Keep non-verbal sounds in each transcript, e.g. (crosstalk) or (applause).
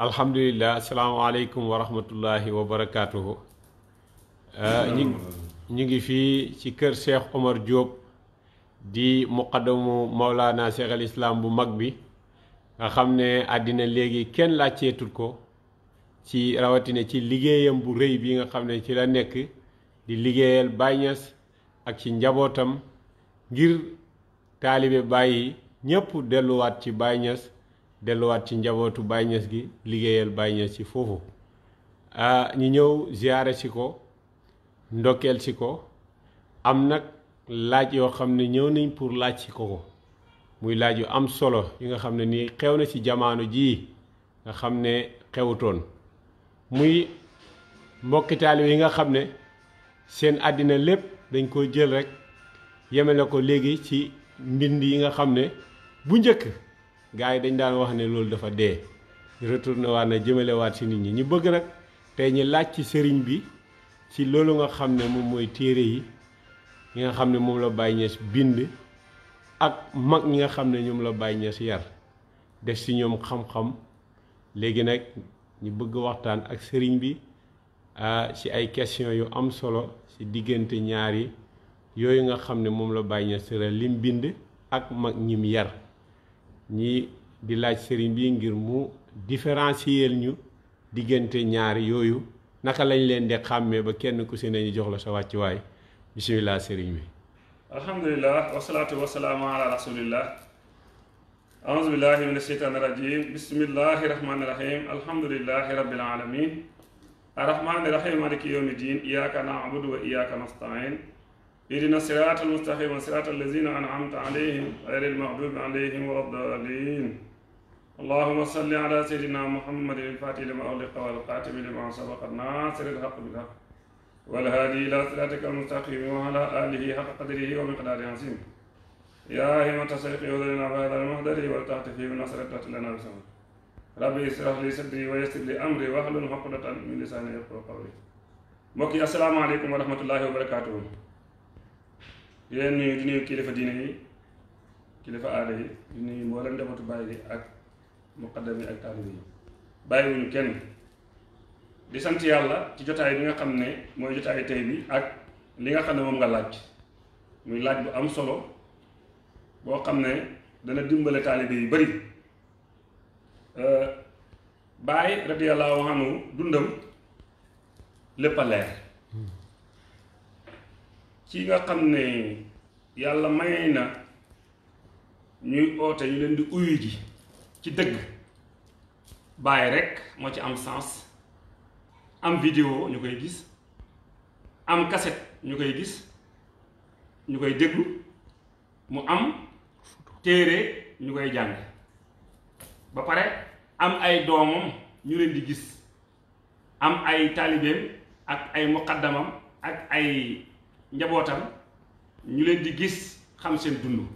alhamdulilah asalaamaaleykum wa rahmatullahi wa barakaatuhu. ñu euh, ñu ngi fii ci kër Cheikh Omar Diop di muqaddamu Maulana Cheikh al bu mag bi nga xam ne àddina léegi kenn laajteetul ko ci rawatina ci liggéeyam bu rëy bi nga xam ne ci la nekk di liggéeyal Baye ak ci njabootam ngir taalibe Baye yi delluwaat ci Baye delluwaat ci njabootu Baye gi liggéeyal Baye Niass ci foofu ñu ñëw ziyaare si ko ndokkeel si ko am nag laaj yoo xam ne ñëw nañ pour laaj si ko ko muy laaj yu am solo yi nga xam ne nii xew na ci jamaano jii nga xam ne xewutoon muy mbokki taalibe yi nga xam ne seen àddina lépp dañ ko jël rekk yeme yemele ko léegi ci mbind yi nga xam ne bu njëkk gars yi dañu daan wax ne loolu dafa dee retourné waat na jëmale waat si nit ñi ñu bëgg nag tey ñi laaj ci sëriñ bi ci loolu nga xam ne moom mooy téere yi yi nga xam ne moom la Baye Niass bind ak mag ñi nga xam ne ñoom la Baye Niass yar def si ñoom xam-xam léegi nag ñu bëgg waxtaan ak sëriñ bi ah, ci ay question yu am solo ci diggante ñaari yooyu nga xam ne moom la Baye Niass tëral lim bind ak mag ñim yar ñi di laaj sëriñ bi ngir mu différencier ñu diggante ñaari yooyu naka lañ leen di xàmmee ba kenn ku si ne jox la sa wàccuwaay bisimilah sëriñ bi. alhamdulilah wasalaatu wasalaamu ala rasulillah auzu billahi min asheytaani rajim bismillahi rahmaani rahim alhamdulilahi rabbil alamin arrahmaani rahim maliki yawmi din iyyaka na'budu wa iyyaka ihdina siraat almustaqima siraat allazina anamta alayhim gayri almaxdubi alayhim wa addaalin allahuma salli ala seydina muhammadin ilfatihi lima uxliqa walxaatimi lima sabaqa naasiri alxaq bilxaq walhaadi ila siraatika almustaqimi wa ala alihi xaqa qadrihi wa miqdaari asim yaa himata sayqi udrina bihada almahdari waltaxti fi nasrat lana bisam rabbi israh li sadri wa yassir li amri wahlul uqdatan min lisaani yafqahu qawli mbokk yi asalaamaaleykum wa rahmatullahi wa barakaatuhu yeneen leen nuyu di kilifa diine yi kilifa aada yi di nuyu mboolem njabootu baay bi ak muqaddam yi ak taalibe yi bàyyiwuñu kenn di sant yàlla ci jotaay bi nga xam ne mooy jotaay tey bi ak li nga xam ne moom nga laaj muy laaj bu am solo boo xam ne dana dimbale taalibe yu bari euh, baay radiyallahu anhu dundam lépp a leer ci nga xam ne yàlla may na ñuy oote ñu leen di uyu ci dëgg bàyyi rekk moo ci am sens am video ñu koy gis am cassette ñu koy gis ñu koy déglu mu am téere ñu koy jàng ba pare am ay doomam ñu leen di gis am ay taalibeem ak ay muqaddamam ak ay njabootam ñu leen di gis xam seen dund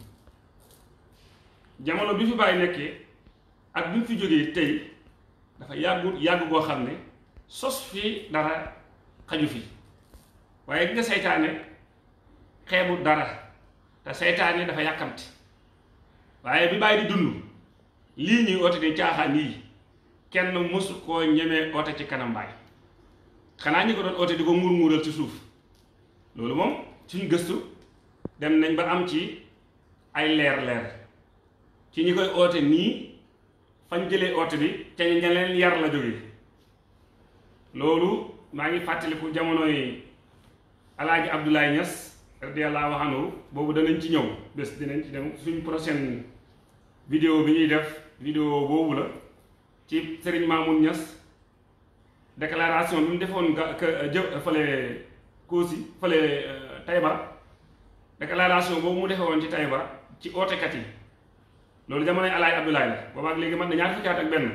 jamono bi fi bàyyi nekkee ak bi mu fi jógee tey dafa yàggu yàgg goo xam ne sos fii dara xaju fi waaye nga seytaane xeebu dara te seytaane dafa yàkkamti waaye bi bàyyi di dund lii ñuy oote ni caaxaan yii kenn mësu koo ñemee oote ci kanam bàyyi xanaa ñi ko doon oote di ko muur muural ci suuf loolu moom suñu gëstu dem nañ ba am ci ay leer-leer ci ñi koy oote nii fañ jëlee oote bi ca ña leen yar la jóge loolu maa ngi fàttaliku jamono yi alaaji Abdoulaye Niass radiyallahu anhu boobu danañ ci ñëw bés dinañ ci dem suñ prochaine vidéo bi ñuy def vidéo boobu la ci Serigne Mamoun ñas déclaration bi mu defoon ga euh, fële Kosi fële euh, Taïba déclaration boobu mu defe woon ci Taïba ci ootekat yi loolu jamonoy Alaay Abdoulaye la boobaak léegi man na ñaar fukki ak benn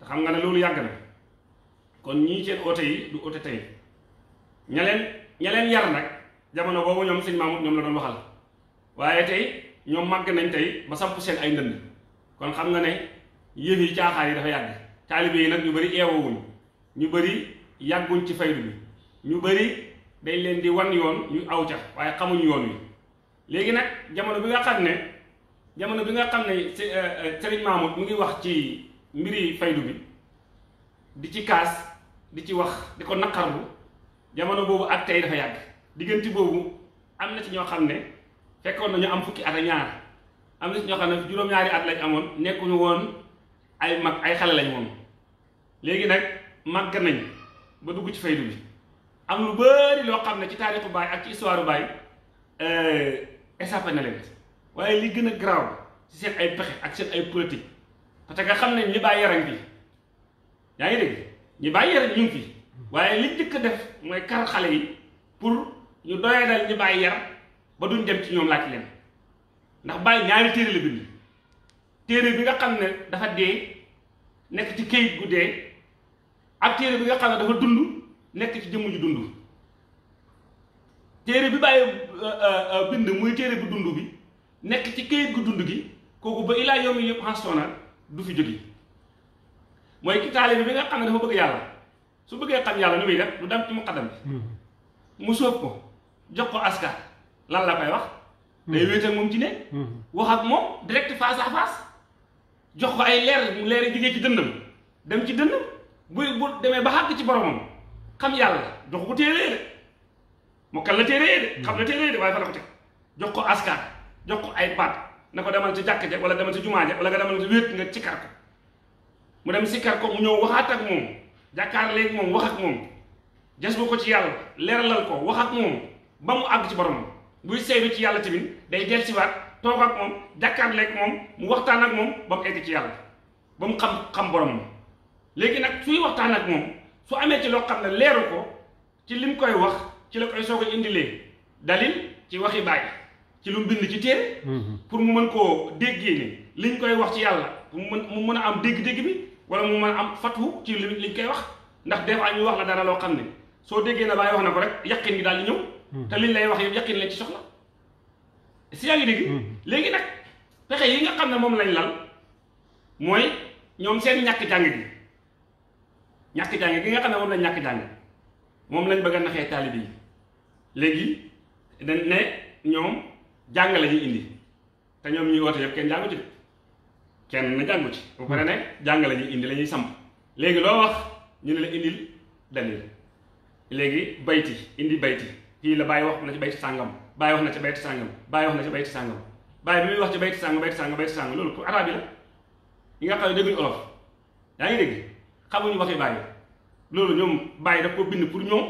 te xam nga ne loolu yàgg na kon ñii seen oote yi du oote tey ña leen ña leen yar nag jamono boobu ñoom sëñ Mamoud ñoom la doon waxal waaye tey ñoom màgg nañ tey ba samp seen ay ndënd kon xam nga ne yëf yi caaxaan yi dafa yàgg taalibe yi nag ñu bëri eewawuñ ñu bëri yàgguñ ci faydu bi ñu bëri dañ leen di wan yoon ñu aw ca waaye xamuñu yoon wi léegi nag jamono bi nga xam ne jamono bi nga xam ne euh, euh, Serigne Mahmoud mu ngi wax ci mbiri faydu bi di ci kaas di ci wax di ko naqarlu jamono boobu ak tey dafa yàgg diggante boobu am na ci ñoo xam ne fekkoon nañu am fukki at ak ñaar am na ci ñoo xam ne juróom-ñaari at lañ amoon nekkuñu woon ay mag ay xale lañ woon léegi nag màgg nañ ba dugg ci faydu bi am lu bëri loo xam ne ci taarixu baay ak ci histoire baay euh, échappé na leen waaye li gën a garaaw ci seen ay pexe ak seen ay politique parce que xam nañ ñi bàyyi yaram bi yaa ngi ñu ngi waaye li njëkk a def mooy kar xale yi pour ñu doyee dal ñi bàyyi yar ba dem ci ñoom laaj leen ndax bàyyi ñaari téere bi bind téere bi nga xam ne dafa dee nekk ci kayit gu dee ak téere bi nga xam ne dafa dund nekk ci jëmm ju dund téere bi bàyyi euh, euh, euh, bind muy téere bu dund bi nekk ci këyit gu dund gi kooku ba ilaa yoom yi yëpp xanstoona du fi jóge mooy ki bi nga xam ne dafa bëgg yàlla su bëggee xam yàlla nu muy def lu dem ci muqaddam bi hmm. mu sóob ko jox ko aska lan la koy wax hmm. day wéet moom ci ne hmm. wax ak moom direct face à jox ko ay leer mu leer yi ci ci dëndam dem ci dëndam bu bu demee ba xàgg ci boromam xam yàlla dox ko téere de mu kal la téere de xam na téere de waaye fa la ko teg jox ko askar jox ko ay baat na ko demal ci jàkk ja wala demal ci jumaa ja wala nga demal ci wéet nga sikkar ko mu dem sikkar ko mu ñëw waxaat ak moom jàkkaar léegi moom wax moom jas bu ko ci yàlla leeralal ko wax ak moom ba mu àgg ci borom buy seydu ci yàlla tamit day del siwaat toog jàkkaar moom mu waxtaan ak moom ba mu egg ci yàlla ba mu xam xam borom léegi nag suy waxtaan ak moom su amee ci loo xam ne leeru ko ci li lim koy wax ci la koy soog a lee dalil ci waxi bàyyi ci lu mu bind ci téere mhm. pour mu mën koo déggee li liñ koy wax ci yàlla mu mën mu mën a am dégg-dégg bi wala mu mën a am fatu ci li liñ koy wax ndax des fois ñu wax la dara loo xam ne soo déggee na bàyyi wax na ko rek yaqin gi daal di ñëw mhm. te liñ lay wax yëpp yaqin lañ ci soxla si yaa dégg mhm. léegi nag pexe yi nga xam ne moom lañ lal mooy ñoom seen ñàkk jàng bi ñàkk jàng gi nga xam ne moom lañ ñàkk jàng moom lañ bëgg a naxee taalibe yi léegi dañ ne ñoom jàngale la indi te ñoom ñuy woote yëpp kenn jàngu ci kenn na jàngu ci bu pare ne jàng la indi lañuy ñuy samp léegi loo wax ñu ne la indil dalil léegi bayti indi bayti kii la bàyyi wax na ci bayti sàngam bàyyi wax na ci bayti sàngam bàyyi wax na ci bayti sàngam bàyyi bi muy wax ci bayti sàngam bayti sàngam bayti sàngam loolu pour arabe yi la ñi nga xam ne dégguñu olof xamuñu waxi bàyyi loolu ñoom bàyyi daf ko pour ñoom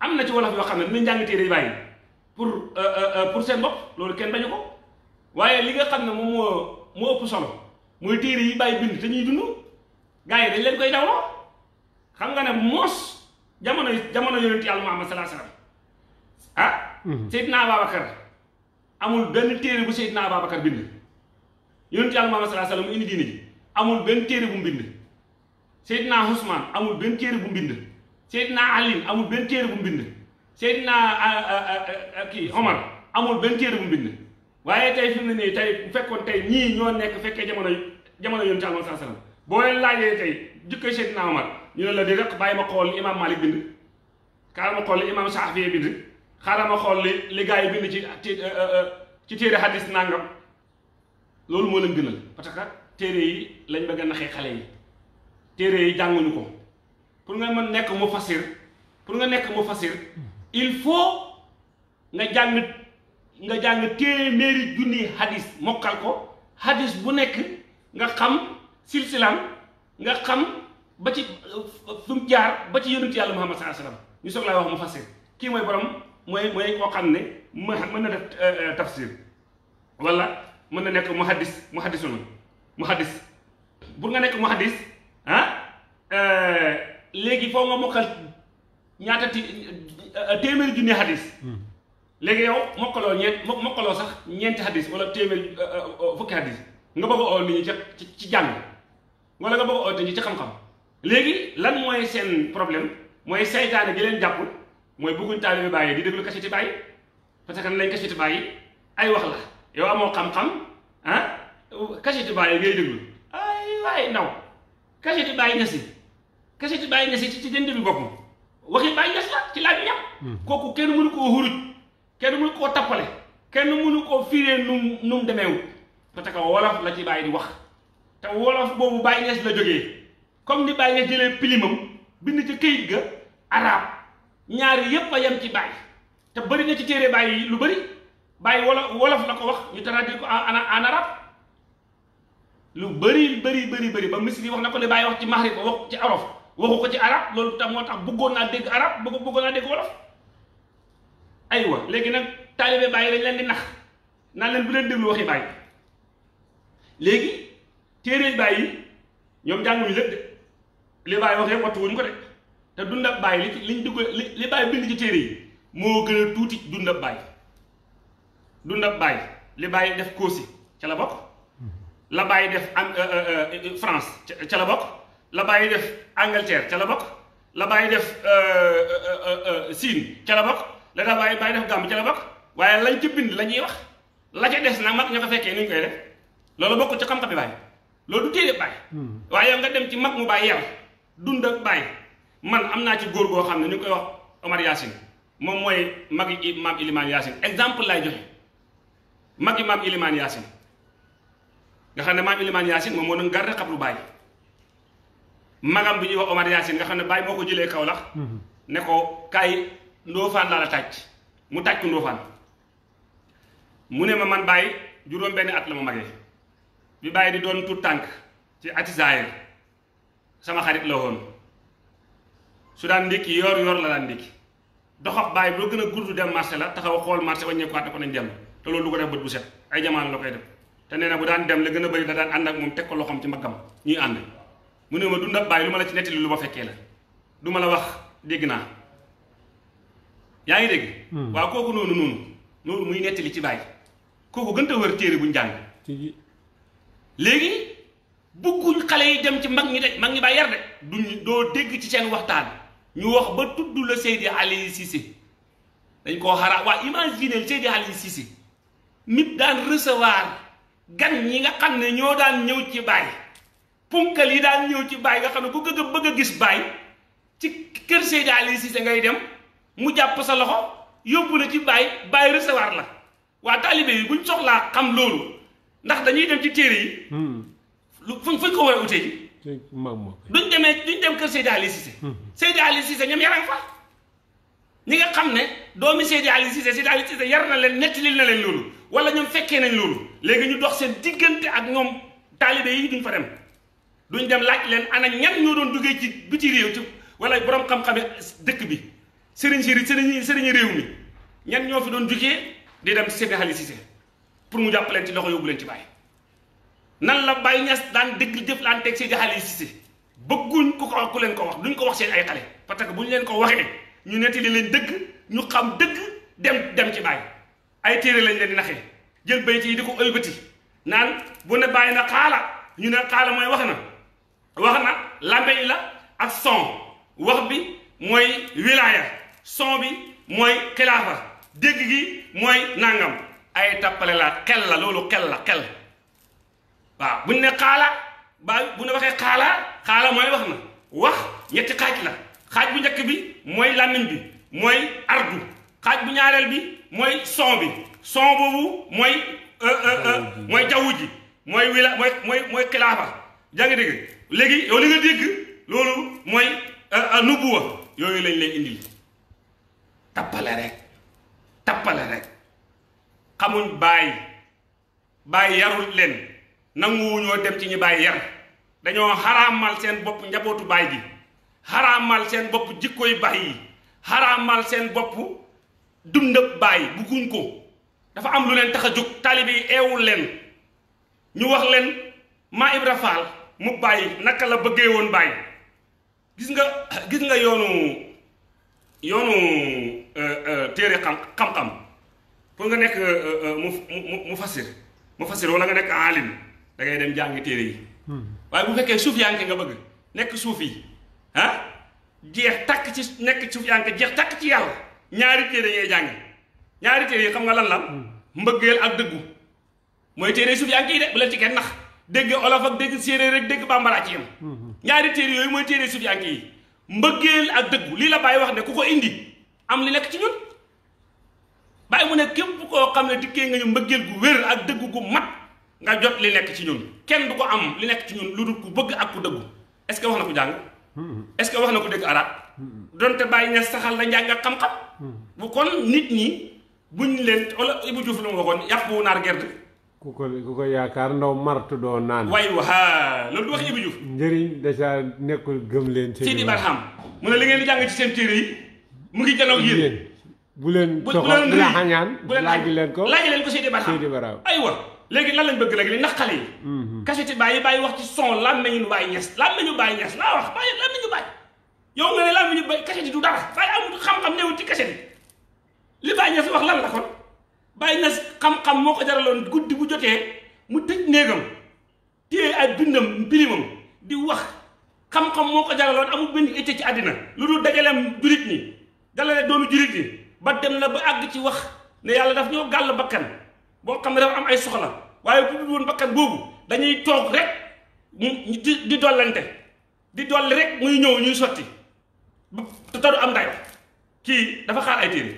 am na ci wolof yoo xam ne dinañ jàng téere bàyyi pour euh, euh, euh, pour seen bopp loolu kenn bañu ko waaye li nga xam ne moom moo moo ëpp solo yi bàyyi bind te ñuy leen koy dawloo xam nga ne moos jamono jamono yonent yàlla Muhammad sallallahu alayhi wasallam ah mhm. Seydina Ababacar amul benn téere bu Seydina Ababacar bind yonent yàlla Muhammad sallallahu alayhi mu indi diine ji amul benn téere bu mu bind Seydina Ousmane amul benn téere bu mbind Seydina Ali amul benn téere bu mbind Seydina kii Omar amul benn téere bu mbind waaye tey fi mu ne nii tey bu fekkoon tey ñii ñoo nekk fekkee jamono jamono yonent Yàlla sallallahu boo leen laajee tey jukkee Seydina Omar ñu ne la di rek bàyyi ma xool li imaam Malik bind xaaral ma xool li imaam Saafiye bind xaaral ma xool li li yi bind ci euh, euh, euh, ci téere hadis nangam loolu moo leen gënal parce que téere yi lañ bëgg a xale yi téere yi jànguñu ko pour nga mën nekk mu fasir pour nga nekk mu fasir il faut nga jàng nga jàng téeméeri junni hadis mokkal ko hadis bu nekk nga xam silsilaam nga xam ba ci euh, fu mu jaar ba ci yonent yàlla Muhammad sallallahu alayhi wasallam ñu soog laa wax mu fasir kii mooy borom mooy mooy koo xam ne mën na def euh, euh, tafsir wala mën na nekk muhaddis muhaddisu na muhaddis pour nga nekk muhaddis ah euh, léegi foo ma mokkal ñaata ti euh, téeméeri junni xadis hmm. léegi yow mokkaloo ñeent mokkaloo sax ñeenti xadis wala téeméeri euh, fukki xadis nga bëgg oo nit ñi ci ci jàng wala nga bëgg oo nit ñi ci xam-xam léegi lan mooy seen problème mooy saytaane di leen jàpp mooy bëgguñ taalibe bàyyi di déglu kaseti bàyyi parce que nañ kaseti bàyyi ay wax la yow amoo xam-xam ah kaseti bàyyi ngay déglu ay waay naw kaseti bàyyi ñes yi kaseti bàyyi ñes yi ci dënd bi boppam waxi bàyyi ñes la ci laaj bi ñam hmm. kooku kenn mënu koo xuruj kenn mënu koo tappale kenn mënu koo fiiree num nu mu demeewut parce que wolof la ci bàyyi di wax te wolof boobu bàyyi ñes la jógee comme ni bàyyi ñes jëlee pilimam bind ci këyit ga arab ñaari yépp a yam ci bàyyi te bëri na ci téere bàyyi lu bëri bàyyi wolof wolof la ko wax ñu traduire ko a arabe lu bëri bari bëri bëri ba misri wax na ko li bàyyi wax ci maxrib ko wax ci arab waxu ko ci arab loolu tax moo tax bëggoon naa dégg arab bëgg bëggoon naa dégg wolof aywa léegi nag taalibe bàyyi dañ leen di nax naa leen bu leen déglu waxi bàyyi léegi téere bàyyi ñoom jànguñu lépp de li bàyyi wax wattu wuñu ko de te dundab bàyyi li liñ dugg li li bàyyi bind ci téere yi moo gën a tuuti dundab bàyyi dundab bàyyi li bàyyi def koosi ca la bokk la bàyyi def euh, euh, euh, France ca la bokk la bàyyi def Angleterre ca la bokk la bàyyi def Siin ca la bokk la daa bàyyi def Gàmbi ca la bokk waaye lañ ca bind la ñuy wax la ca des nag mag ña ko fekkee ni koy def loolu bokkul ci xam-xam bi bàyyi loolu du téere bàyyi hmm. waaye dem ci mag mu bàyyi yar dund ak man am naa ci góor goo xam ne ñu koy wax Omar Yacine moom mooy mag maam Ilimane Yacine exemple lay joxe mag yi maam Ilimane Yacine nga xam ne maam Ilimaan Yaasin moom moo doon garde xabru baay magam bi ñuy wax Omar Yaasin nga xam ne baay moo ko jëlee kaw Kawlax mm-hmm. ne ko kaay Ndofaan laa la tàcc mu tàcc Ndofaan mu ne ma man baay juróom benn at la ma magee bi bàyyi di doon tut tànk ci ati zaayir sama xarit la woon su daan ndékki yoor yoor la daan ndékki doxab baay boo gën a gudd dem marché la taxaw xool marché ba ñëkkuwaat ne ko nañ dem te loolu du ko def bët bu set ay jamono la koy def te nee na bu daan dem la gën a bëri da daan ànd ak moom teg ko loxoom ci mbaggam ñuy ànd mu ne ma dunda bàyyi lu ma la ci nettali lu ma fekkee la du ma la wax dégg naa yaa ngi dégg hmm. waaw kooku noonu noonu noonu muy nettali ci bàyyi kooku gën a wër téere buñ jàng léegi bëgguñ xale yi dem ci mag ñi de mag ñi ba yar de duñ doo dégg ci seen waxtaan ñu wax ba tudd la Seydi Aliou Cissé dañ koo xaraa waa imagineel Seydi Aliou Cissé nit daan recevoir gan ñi nga xam ne ñoo daan ñëw ci baay punkal yi daan ñëw ci baay nga xam ne ku gëgg bëgg a gis baay ci kër Seydi Aliou ngay dem mu jàpp sa loxo yóbbu na ci baay baay recevoir la waa taalibe yi buñ soxlaa xam loolu ndax dañuy dem ci téere yi hmm. lu fu fuñ ko war a utee ji duñ demee duñ dem kër Seydi Aliou Cissé hmm. Seydi Aliou Cissé ñoom yaram fa ñi nga xam ne doomi Seydi Aliou Cissé Seydi Aliou Cissé yar na leen nettali na leen loolu wala ñoom fekkee nañ loolu léegi ñu dox seen diggante ak ñoom taalibe yi duñ fa dem duñu dem laaj leen ana ñan ñoo doon duggee ci biti réew ci wala borom xam-xame dëkk bi sëriñ si sëriñ sëriñ réew mi ñan ñoo fi doon jugee di dem Seydi Hadji Cissé pour mu jàpp leen ci loxo yóbbu leen ci Baye nan la Baye Niass daan dëgg jëflanteeg Seydi Hadji Cissé bëgguñ ku ko ku leen ko wax duñ ko wax seen ay xale parce que bu ñu leen ko waxee ñu nettali leen dëgg ñu xam dëgg dem dem ci Baye. ay téere lañ leen di naxee jël bayt yi di ko ëlbati naan bu ne bàyyi na xaala ñu ne xaala mooy wax na wax na làmmeñ la ak son wax bi mooy wilaaya son bi mooy xilaafa dégg gi mooy nangam ay tappale la xel la loolu xel la xel waaw buñ ne xaala ba bu ne waxee xaala xaala mooy wax na wax ñetti xaaj la xaaj bu njëkk bi mooy làmmiñ bi mooy ardu xaaj bu ñaareel bi mooy son bi son boobu mooy euh, euh, euh, mooy jaww ji mooy wila mooy mooy mooy xilaafa jaa ngi dégg léegi yow li nga dégg loolu mooy nubuwa yooyu lañ lay indil tappale rek tappale rek xamuñ bàyyi bàyyi yarul leen nanguwuñoo dem ci ñu bàyyi yar dañoo xaraamal seen bopp njabootu baay gi xaraamal seen bopp jikkoy baay yi xaraamal seen bopp dundab bàyyi bugguñ ko dafa am lu leen tax a jóg taalibe yi eewul leen ñu wax leen maa Ibra Faal mu bàyyi naka la bëggee woon bàyyi gis nga gis nga yoonu yoonu euh, euh, téere xam xam-xam pour nga nekk euh, mu mu mu fasir mu fasir wala nga nekk alim da ngay dem jàngi téere yi hmm. waaye bu fekkee suuf yaa ngi nga bëgg nekk suuf yi ah jeex takk ci nekk suuf yaa ngi jeex takk ci yàlla ñaari téere yee ngay jànge ñaari téere yi xam nga lan la hmm. mbëggeel ak dëggu mooy téere suuf yaa ngi de bu leen ci kenn nax dégg olof ak dégg séeréer rek dégg bambara ci yam hmm, hmm. ñaari téere yooyu mooy téere suuf yaa ngi yi mbëggeel ak dëggu lii la bàyyi wax ne ku ko indi am li nekk ci ñun bàyyi mu ne képp koo xam ne dikkee nga ñu mbëggeel gu wér ak dëggu gu mat nga jot li lekk ci ñun kenn du ko am li nekk ci ñun lu dul ku bëgg ak ku dëggu est-ce que wax na ko jàng est-ce que wax na ko dégg arab donte bàyyi saxal la njàng ak bu kon nit ñi buñ leen wala Ibou Diouf la ma waxoon yàpp wu naar gerte. ku ko ku ko yaakaar ndaw martu doo naan. waaye waa loolu du wax Ibou Diouf. njëriñ déjà nekkul gëm leen. ci di barxam mu ne li ngeen di jàng ci seen téere yi mu ngi janoog yéen. bu leen soxla bu leen xañaan bu leen laaj leen ko laaj leen ko Seydi Barham Seydi Barham aywa léegi lan lañ bëgg léegi li nax xale yi mhm. kaseti bàyyi bàyyi wax ci son lan nañu bàyyi ñes lan nañu bàyyi ñes laa wax bàyyi lan nañu bàyyi yow nga ne laa ba kaset yi du dara fay amul xam-xam newul ci kaset yi li Baye Niass wax lan la kon Baye Niass xam-xam moo ko jaraloon guddi bu jotee mu dëj néegam téye ay bindam mbilimam di wax xam-xam moo ko jaraloon amul benn itte ci àddina lu dul dajaleem jurit ni dalale doomu jurit ni ba dem na ba àgg ci wax ne yàlla daf ñoo gàll bakkan boo xam ne dafa am ay soxla waaye bu dul woon bakkan boobu dañuy toog rek di di dollante di dolli rek muy ñëw ñuy sotti te du am ngay kii dafa xaar ay téere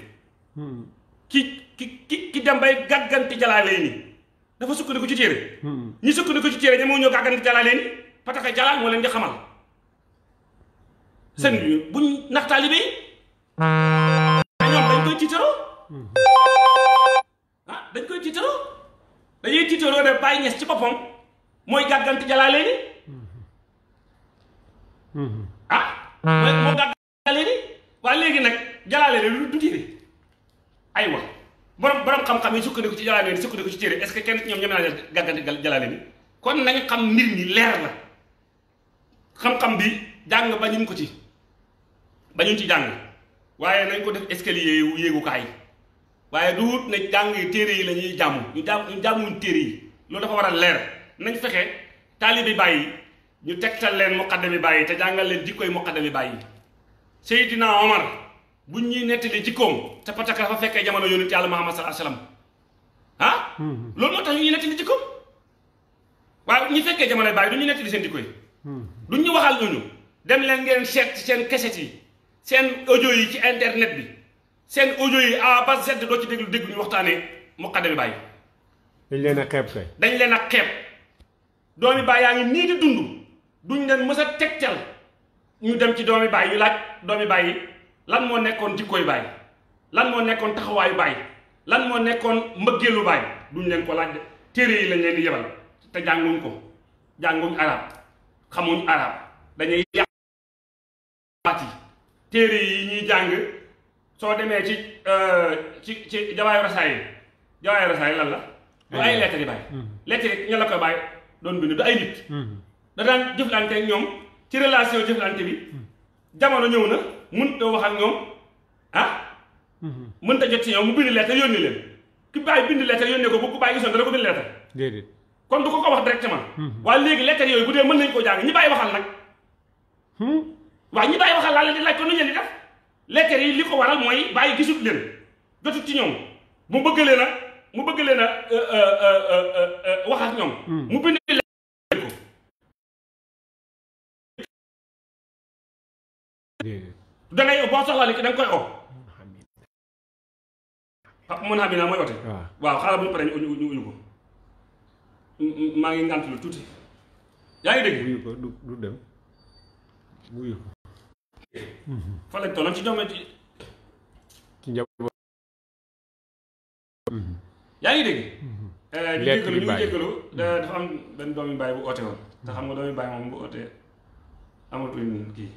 hmm. ki ki ki dem bay gàgganti jalaa lay nii dafa sukkandiku ci téere hmm. ñi sukkandiku ci téere ñamoo ñëw gàgganti jalaa lay nii parce moo leen di xamal seen hmm. buñ nax taalibe yi ñoom dañ koy tiitaroo ah dañuy tiitaroo ne bàyyi ñes ci boppam mooy gàgganti jalaa lay ah mooy moo gàgg waa léegi nag jalaale la du téere aywa borom borom xam-xam yi sukkandiku ci jalaale ni sukkandiku ci téere est-ce que kenn ñoom ñoom naa gàggante jalaale ni kon nañ xam nit ñi leer na xam-xam bi jàng bañuñ ko ci bañuñ ci jàng waaye nañ ko def escalier yu yéegukaay waaye du wut ne jàng yi téere yi lañuy jàmm ñu jàmm ñu jàmmuñ téere yi loolu dafa war a leer nañ fexe taalibi bàyyi ñu tegtal leen muqaddami bàyyi te jàngal leen jikkoy muqaddami bàyyi Seydina Omar buñ ñuy nettali jikkoom te pataka dafa fekkee jamono yonent yàlla Muhammad sallallahu alayhi wasallam ah. Hmm. loolu moo tax ñuy nettali jikkoom waaye ñi fekkee jamono bàyyi du ñu nettali seen jikko yi. Hmm. duñ ñu waxal ñooñu dem leen ngeen seet seen keset yi seen audio yi ci internet bi seen audio yi A ba Z doo ci déglu dégg ñu waxtaanee muqaddami bàyyi. dañ leen a xeeb kay. dañ leen a xeeb doomi bàyyi yaa ngi nii di dund duñ leen mës a tegtal. ñu dem ci doomi baay ñu laaj doomi baay lan moo nekkoon koy baay lan moo nekkoon taxawaayu baay lan moo nekkoon mbëggeelu baay duñ leen ko laaj téere yi lañ leen di te jànguñ ko jànguñ arab xamuñ arab dañuy téere yi ñuy jàng soo demee ci euh, ci ci jawaayu rasaay yi jawaayu rasaay lan la du ay lettre mm-hmm. yi baay lettre la koy baay doon bind du ay nit mm-hmm. da daan ñoom ci relation jëflante bi jamono ñëw na mënut ta wax ak ñoom ah. Mm-hmm. mënut a jot ci ñoom mu bind lettre yónni leen ki bàyyi bind lettre yónnee ko bu ko bàyyi gisoon dana ko bind lettre. déedéet kon du ko ko wax directement. Mm-hmm. waa léegi lettre yooyu bu dee mën nañu koo jàng ñi bàyyi waxal nag. Hmm? waaw ñi bàyyi waxal laa leen di laaj ko nu ñu di def lettre yi li ko waral mooy bàyyi gisut leen jotut ci ñoom mu bëgg leen a mu bëgg leen a euh, euh, euh, wax ak mm. mu bind dangay boo soxlaa nit ki danga koy oo ah, mun xam naa mooy oote ah. waaw xaaral bu ñu paree ñu ñu ko maa ngi ngànt lu tuuti yaa ngi dégg uyu mm-hmm. mm-hmm. ngi dégg mm-hmm. eh, eh, dafa am benn doomi baay bu oote woon te xam nga doomi baay moom bu oote amatuñ kii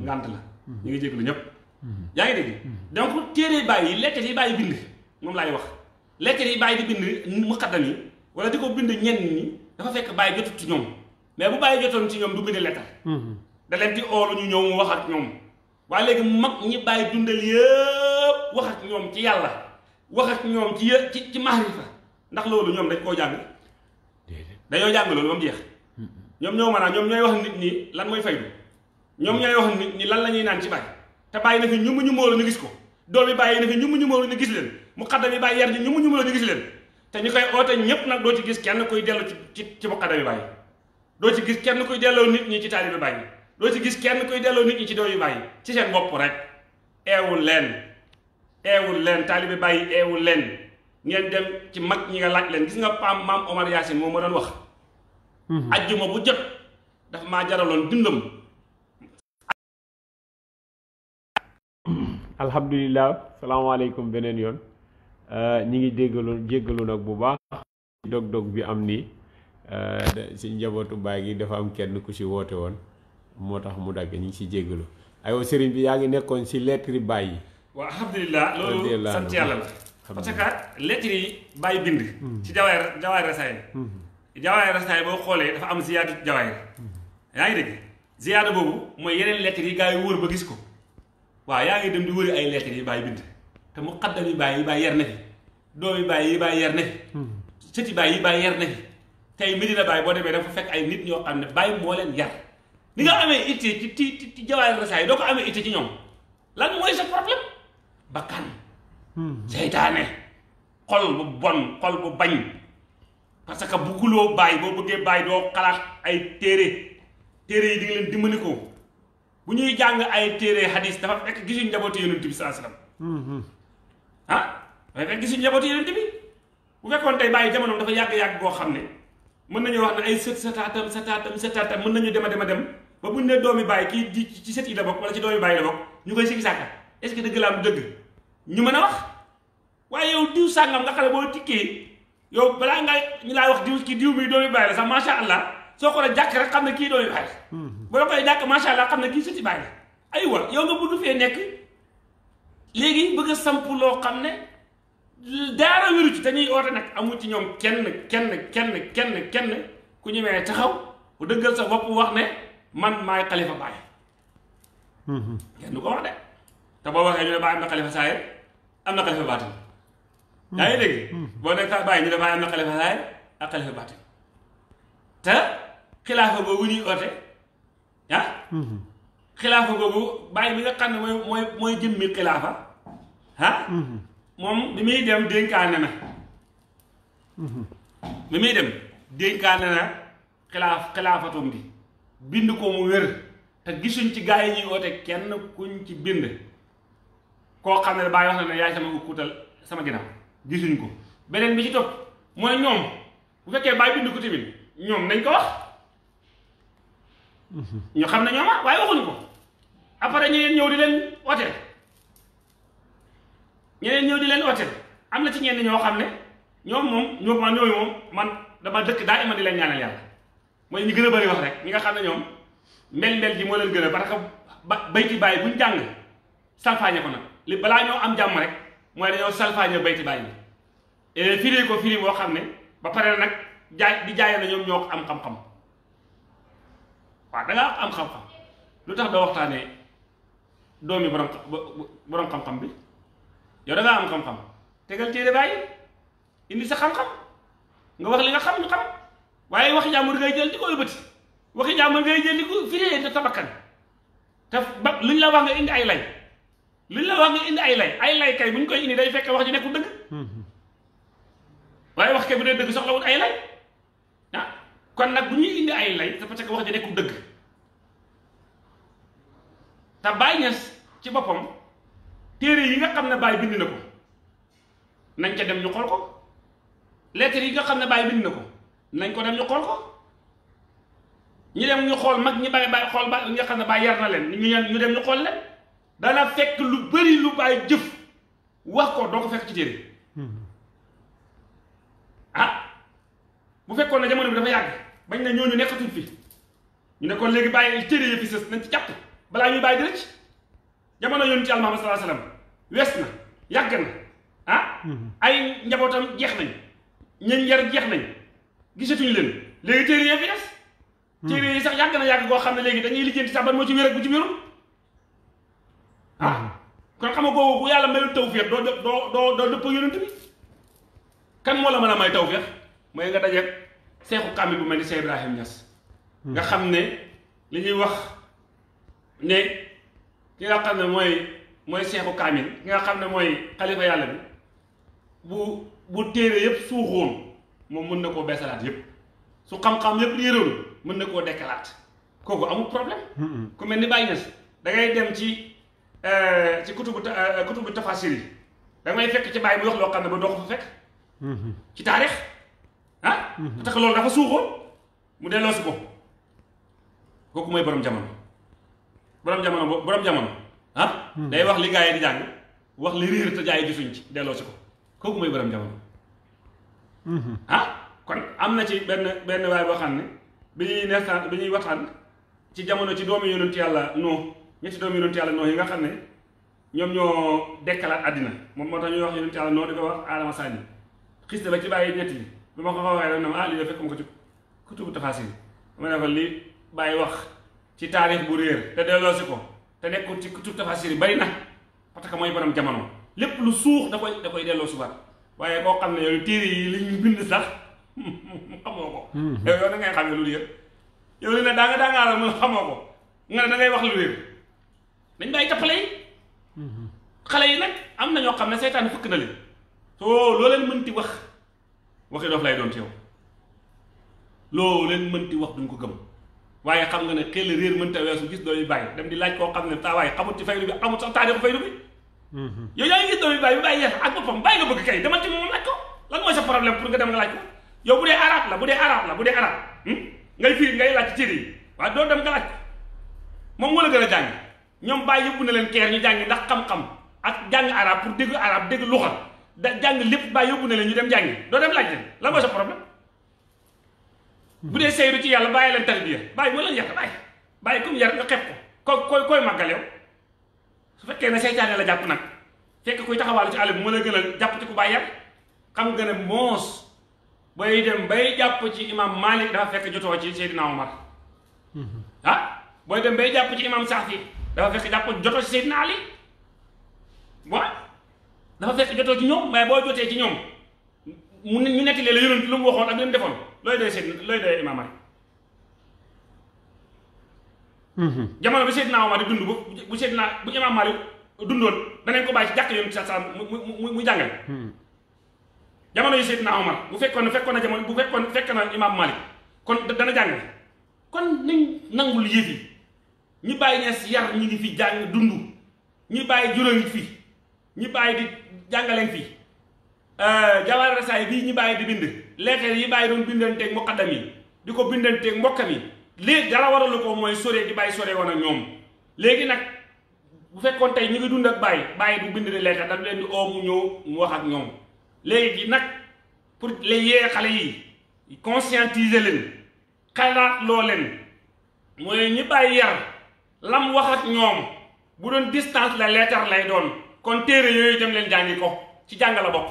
ngant la mhm. ñu ngi lu ñëpp mhm. yaa ngi dégg mhm. donc téere bàyyi lettre yi bàyyi bind moom laay wax lettre yi bàyyi di bind mu muqaddam yi wala di ko bind ñenn ñi dafa fekk bàyyi jotut ci ñoom mais bu bàyyi jotoon ci ñoom du bind lettre da leen di oolu ñu ñëw mu wax ak ñoom waaye léegi mag ñi bàyyi dundal yëpp wax ak ñoom ci yàlla wax ak ñoom ci yë ci ci maarifa ndax loolu ñoom dañ koo jàng dañoo jàng loolu ba mu jeex ñoom ñoo mën a ñoom ñooy wax nit ñi lan mooy faydu ñoom ñooy wax nit ñi lan la ñuy naan ci bàyyi te bàyyi na fi ñu mu ñu móolu ñu gis ko doom yi bàyyi na fi ñu mu ñu móolu gis leen muqaddam yi bàyyi yar ñi ñu mu ñu móolu gis leen te ñu koy oote ñépp nag doo ci gis kenn kuy dellu ci ci ci muqaddam yi bàyyi doo ci gis kenn kuy delloo nit ñi ci taalibe bàyyi doo ci gis kenn kuy delloo nit ñi ci doom yu bàyyi ci seen bopp rek eewul leen eewul leen taalibe bàyyi eewul leen ngeen dem ci mag ñi nga laaj leen gis nga paam maam Omar Yaasin moom ma doon wax mhm. ajjuma bu jot dafa maa jaraloon dundam alhamdulilah salaamaaleykum beneen yoon euh, ñi ngi déggalu jéggalu nag bu baax dog-dog bi am ni euh, si njabootu baay gi dafa am kenn ku si woote woon moo tax mu dagg ñi ci si jéggalu aywa sëriñ bi yaa ngi nekkoon si lettre baay yi alhamdulilah loolu sant yàlla la parce que bàyyi bind hmm. ci jawaay jawaay rasaay hmm. jawaay rasaay boo xoolee dafa am ziyaadu jawaay hmm. yaa ngi dégg ziyaada boobu mooy yeneen lettre gaa yi wóor ba gis ko waa yaa ngi dem di wëri ay lettres yi bàyyi bind te mu xaddam yi bàyyi yi bàyyi yar na fi doom yi bàyyi yi bàyyi yar na fi hmm. sëti bàyyi yi bàyyi yar na fi tey Medina Baye boo demee dafa fekk ay nit ñoo xam ne bàyyi moo leen yar ni nga amee ittee ci ci doo ko ci ñoom lan mooy sa problème bakkan hmm. seytaane xol bu bon xol bu bañ parce que bugguloo bàyyi boo bëggee bàyyi doo xalaat ay téere téere yi di nga leen dimbali ko bu ñuy jàng ay téere hadis dafa fekk gisuñ njabootu yonent bi sa sallam ah dafa fekk gisuñ njabootu yonent bi bu fekkoon tey bàyyi jamono dafa yàgg-yàgg boo xam ne mën nañu wax ne ay sët sataatam sataatam sataatam mën nañu dem dem a dem ba buñ ne doomi bàyyi kii di ci sët yi la bokk wala ci doomi bàyyi la bokk ñu koy sikki sàkka est-ce que dëgg la am dëgg ñu mën a wax waaye yow diw sàngam nga xam ne boo tikkee yow balaa nga ñu laay wax diw ki diw mi doomi bàyyi la sax macha allah soo xoolee jàkk rek xam ne kii doomi baay bu la koy jàkk macha allah xam ne kii sëti baay la aywa yow nga bëgg fee nekk léegi bëgg a loo xam ne daara wéru ci dañuy oote nag amu ci ñoom kenn kenn kenn kenn kenn ku ñemee taxaw bu dëggal sax bopp wax ne man maay xalifa baay mhm. kenn du ko wax de te boo waxee ñu ne am na xalifa saayir am na xalifa baatin yaa ngi dégg mhm. boo nekk baay ñu ne baay am na xalifa saayir ak xalifa baatin te xilaafa boobu ñuy oote ah mhm. xilaafa boobu bàyyi bi nga xam ne mooy mooy mooy jëmmi xilaafa ah moom bi muy dem dénkaane na mhm. bi xilaaf xilaafatum bi bind ko mu wér te gisuñ ci gaa yi ñuy oote kenn kuñ ci bind koo xam ne bàyyi wax na ne yaay sama kuutal sama ginnaaw gisuñ ko beneen bi ci topp mooy ñoom bu fekkee bàyyi bind ko tamit ñoom nañ ko wax ñu xam ne ñoom ah waaye waxuñu ko après ñeneen ñëw di leen otel ñeneen ñëw di leen otel am na ci ñenn ñoo xam ne ñoom moom ñoo ma ñooyu moom man dama dëkk daa ima di leen ñaanal yàlla mooy ñu gën a bëri wax rek ñi nga xam ne ñoom mel-mel ji moo leen gën a parce que ba bayti bàyyi buñ jàng salfaañe ko nag li balaa ñoo am jàmm rek mooy dañoo salfaañe bayti bàyyi bi firée ko firi boo xam ne ba pare nag jaay di jaayee na ñoom ñoo am xam-xam waa da ngaa am xam-xam lu tax doo waxtaanee doomi borom borom xam-xam bi yow da am xam-xam tegal téere bàyyi indi sa xam-xam nga wax li nga xam ñu xam waaye waxi jàmbur ngay jël di ko ëlbati waxi jàmbur ngay jël ko firee te tabakkan te ba luñ la wax nga indi ay lay luñ la wax nga indi ay lay ay lay kay buñ koy indi day fekkee wax ji nekkul dëgg hmm, hmm. waaye wax kay bu dee dëgg soxlawul ay lay. kon nag bu ñuy indi ay lay dafa parce que wax ji nekkul dëgg te Baay Ñas ci boppam téere yi nga xam ne Baay bind na ko nañ ca dem ñu xool ko lettre yi nga xam ne Baay bind na ko nañ ko dem ñu xool ko ñu dem ñu xool mag ñi Baay Baay xool ba nga xam ne Baay yar na leen ñu ñu dem ñu xool leen dana fekk lu bari lu Baay jëf wax ko doo ko fekk ci téere hmm. ah bu fekkoon ne jamono bi dafa yàgg bañ na ñooñu nekkatul fi ñu ne kon léegi bàyyi téere yi fi sës nañ ci jàpp balaa ñuy bàyyi dërëcc jamono yonent Yàlla Muhammad sallallahu alayhi wa sallam wees na yàgg na ah. Mm-hmm. ay njabootam jeex nañ ñeñ yar jeex nañ gisatuñu leen léegi téere yi fi des. Mm-hmm. téere yi sax yàgg na yàgg goo xam ne léegi dañuy lijjanti sax ban moo ci wér ak bu ci wérul mm-hmm. ah kon xam nga bu yàlla mayul tawfeex doo doo doo doo dëpp yonent bi kan moo la mën a may tawfeex mooy nga dajeeg. seexu kaamil bu mel ni Cheikh Ibrahim Niass hmm. nga xam ne li ñuy wax ne ki nga xam ne mooy mooy seexu kaamil ki nga xam ne mooy xalifa yàlla bi bu bu téere yépp suuxoon moom mën na koo beesalaat yépp su xam-xam yépp réeroon mën na koo dekkalaat kooku amul problème ku mel ni Baye Niass da ngay dem ci euh, ci kutubu euh, kutubu tafasir yi da ngay fekk ci Baye bu wax loo xam ne ba doo ko fa fekk ci taarix ah tax loolu dafa suuxoon mu delloo si ko kooku mooy borom jamono borom jamono bo borom jamono ah hmm. day wax li gaa yi di jàng wax li riir te jaay gisuñ ci delloo si ko kooku mooy borom jamono hmm. ah kon am na ci benn benn waay boo xam ne bi ñuy neextaan bi ñuy waxtaan ci jamono ci doomi yonent yàlla noo ñetti doomi yonent yàlla noo yi nga xam ne ñoom ñoo dekkalaat àddina moom moo tax ñuy wax yonent yàlla noo di ko wax Adama Sani xis na ba ci bàyyi ñett yi bi ma ko ko waxee ma ah lii dafa wax ci taarix bu réer te delloosi ko te nekkul ci kutubu tafaasir yi bari na parce que mooy borom jamono lépp lu suux da koy da koy delloo subaat waaye koo xam ne yooyu téere yi li ñu bind sax (laughs) xamoo ko. Mhm. da ngay xamee lu réer yow ne daa nga daa ngaa la mun xamoo ko nga ne da wax lu réer dañ bàyyi tappale yi. Mhm. xale yi nag am na ñoo xam ne seytaan fëkk na leen soo loo leen mënti wax. waxi dof lay doon ci yow loo leen mënti wax duñ ko gëm waaye xam nga ne xel réer mënta weesu gis dooy bàyyi dem di laaj koo xam ne taa waaye xamut ci faydu bi amut sax taarixu faydu bi mm-hmm. yow yaa ngi gis dooy bàyyi bi bàyyi yeex ak boppam bàyyi nga bëgg kay demal ci moom laaj ko lan mooy sa problème pour nga dem nga laaj ko yow bu dee arab la bu dee arab la bu dee arab hmm? ngay fii ngay laaj ci cër yi waaye doo dem nga laaj ko moom wala gën a jàng ñoom bàyyi na leen keer ñu jàngi ndax xam ak jàng arab pour dégg arab dégg luxat da jàng lépp bàyyi yóbbu na leen ñu dem jàngi doo dem laaj leen lan mooy sa problème bu dee seyru ci yàlla bàyyi leen tarbiya bàyyi moo leen yàq bàyyi bàyyi comme yar nga xeeb ko ko koy koy màggal su fekkee ne seytaane la jàpp nag fekk kuy taxawaalu ci àll bi moo la gën a jàpp ci ku bàyyi yar xam nga ne moos bay dem bay ci imam Malik dafa fekk jotoo ci Seydina Omar mm-hmm. ah booy dem bay jàpp ci imam Saafi dafa fekk jàpp jotoo ci Seydina Ali waaw dafa fekk jotoo ci ñoom mais boo jotee ci ñoom mu ñu nekk lee la yonent lu mu waxoon ak li mu defoon looy doy seet looy doy imaam Ali mhm. jamono bi Seydina Omar di dund bu bu Seydina bu imaam Malik dundoon danañ ko bàyyi ci jàkk yonent sa sa mu muy jàngale mhm. jamono yi Seydina Omar bu fekkoon fekkoon na jamono bu fekkoon fekk na imaam Malik kon dana jàngale kon nañ nangul yëf yi ñu bàyyi nees yar ñi ngi fi jàng dund ñu bàyyi juróomi fi ñi bàyyi di jàngaleen fii euh, jawar rasaay bii ñi bàyyi di bind lettre yi bàyyi doon bindanteeg muqaddam yi di ko bindanteeg mbokkam yi léegi dara waralu ko mooy sore di bàyyi sore woon a ñoom léegi nag bu fekkoon tey ñu ngi dund ak bàyyi bàyyi bu bind di lettre daf leen di oo ñëw mu wax ak ñoom léegi nag pour les yee xale yi conscientiser leen xalaat loo leen mooy ñi yar lam wax ak ñoom bu doon distance la lettre lay doon kon téere yooyu dem leen jàngi ko ci jàng la bokk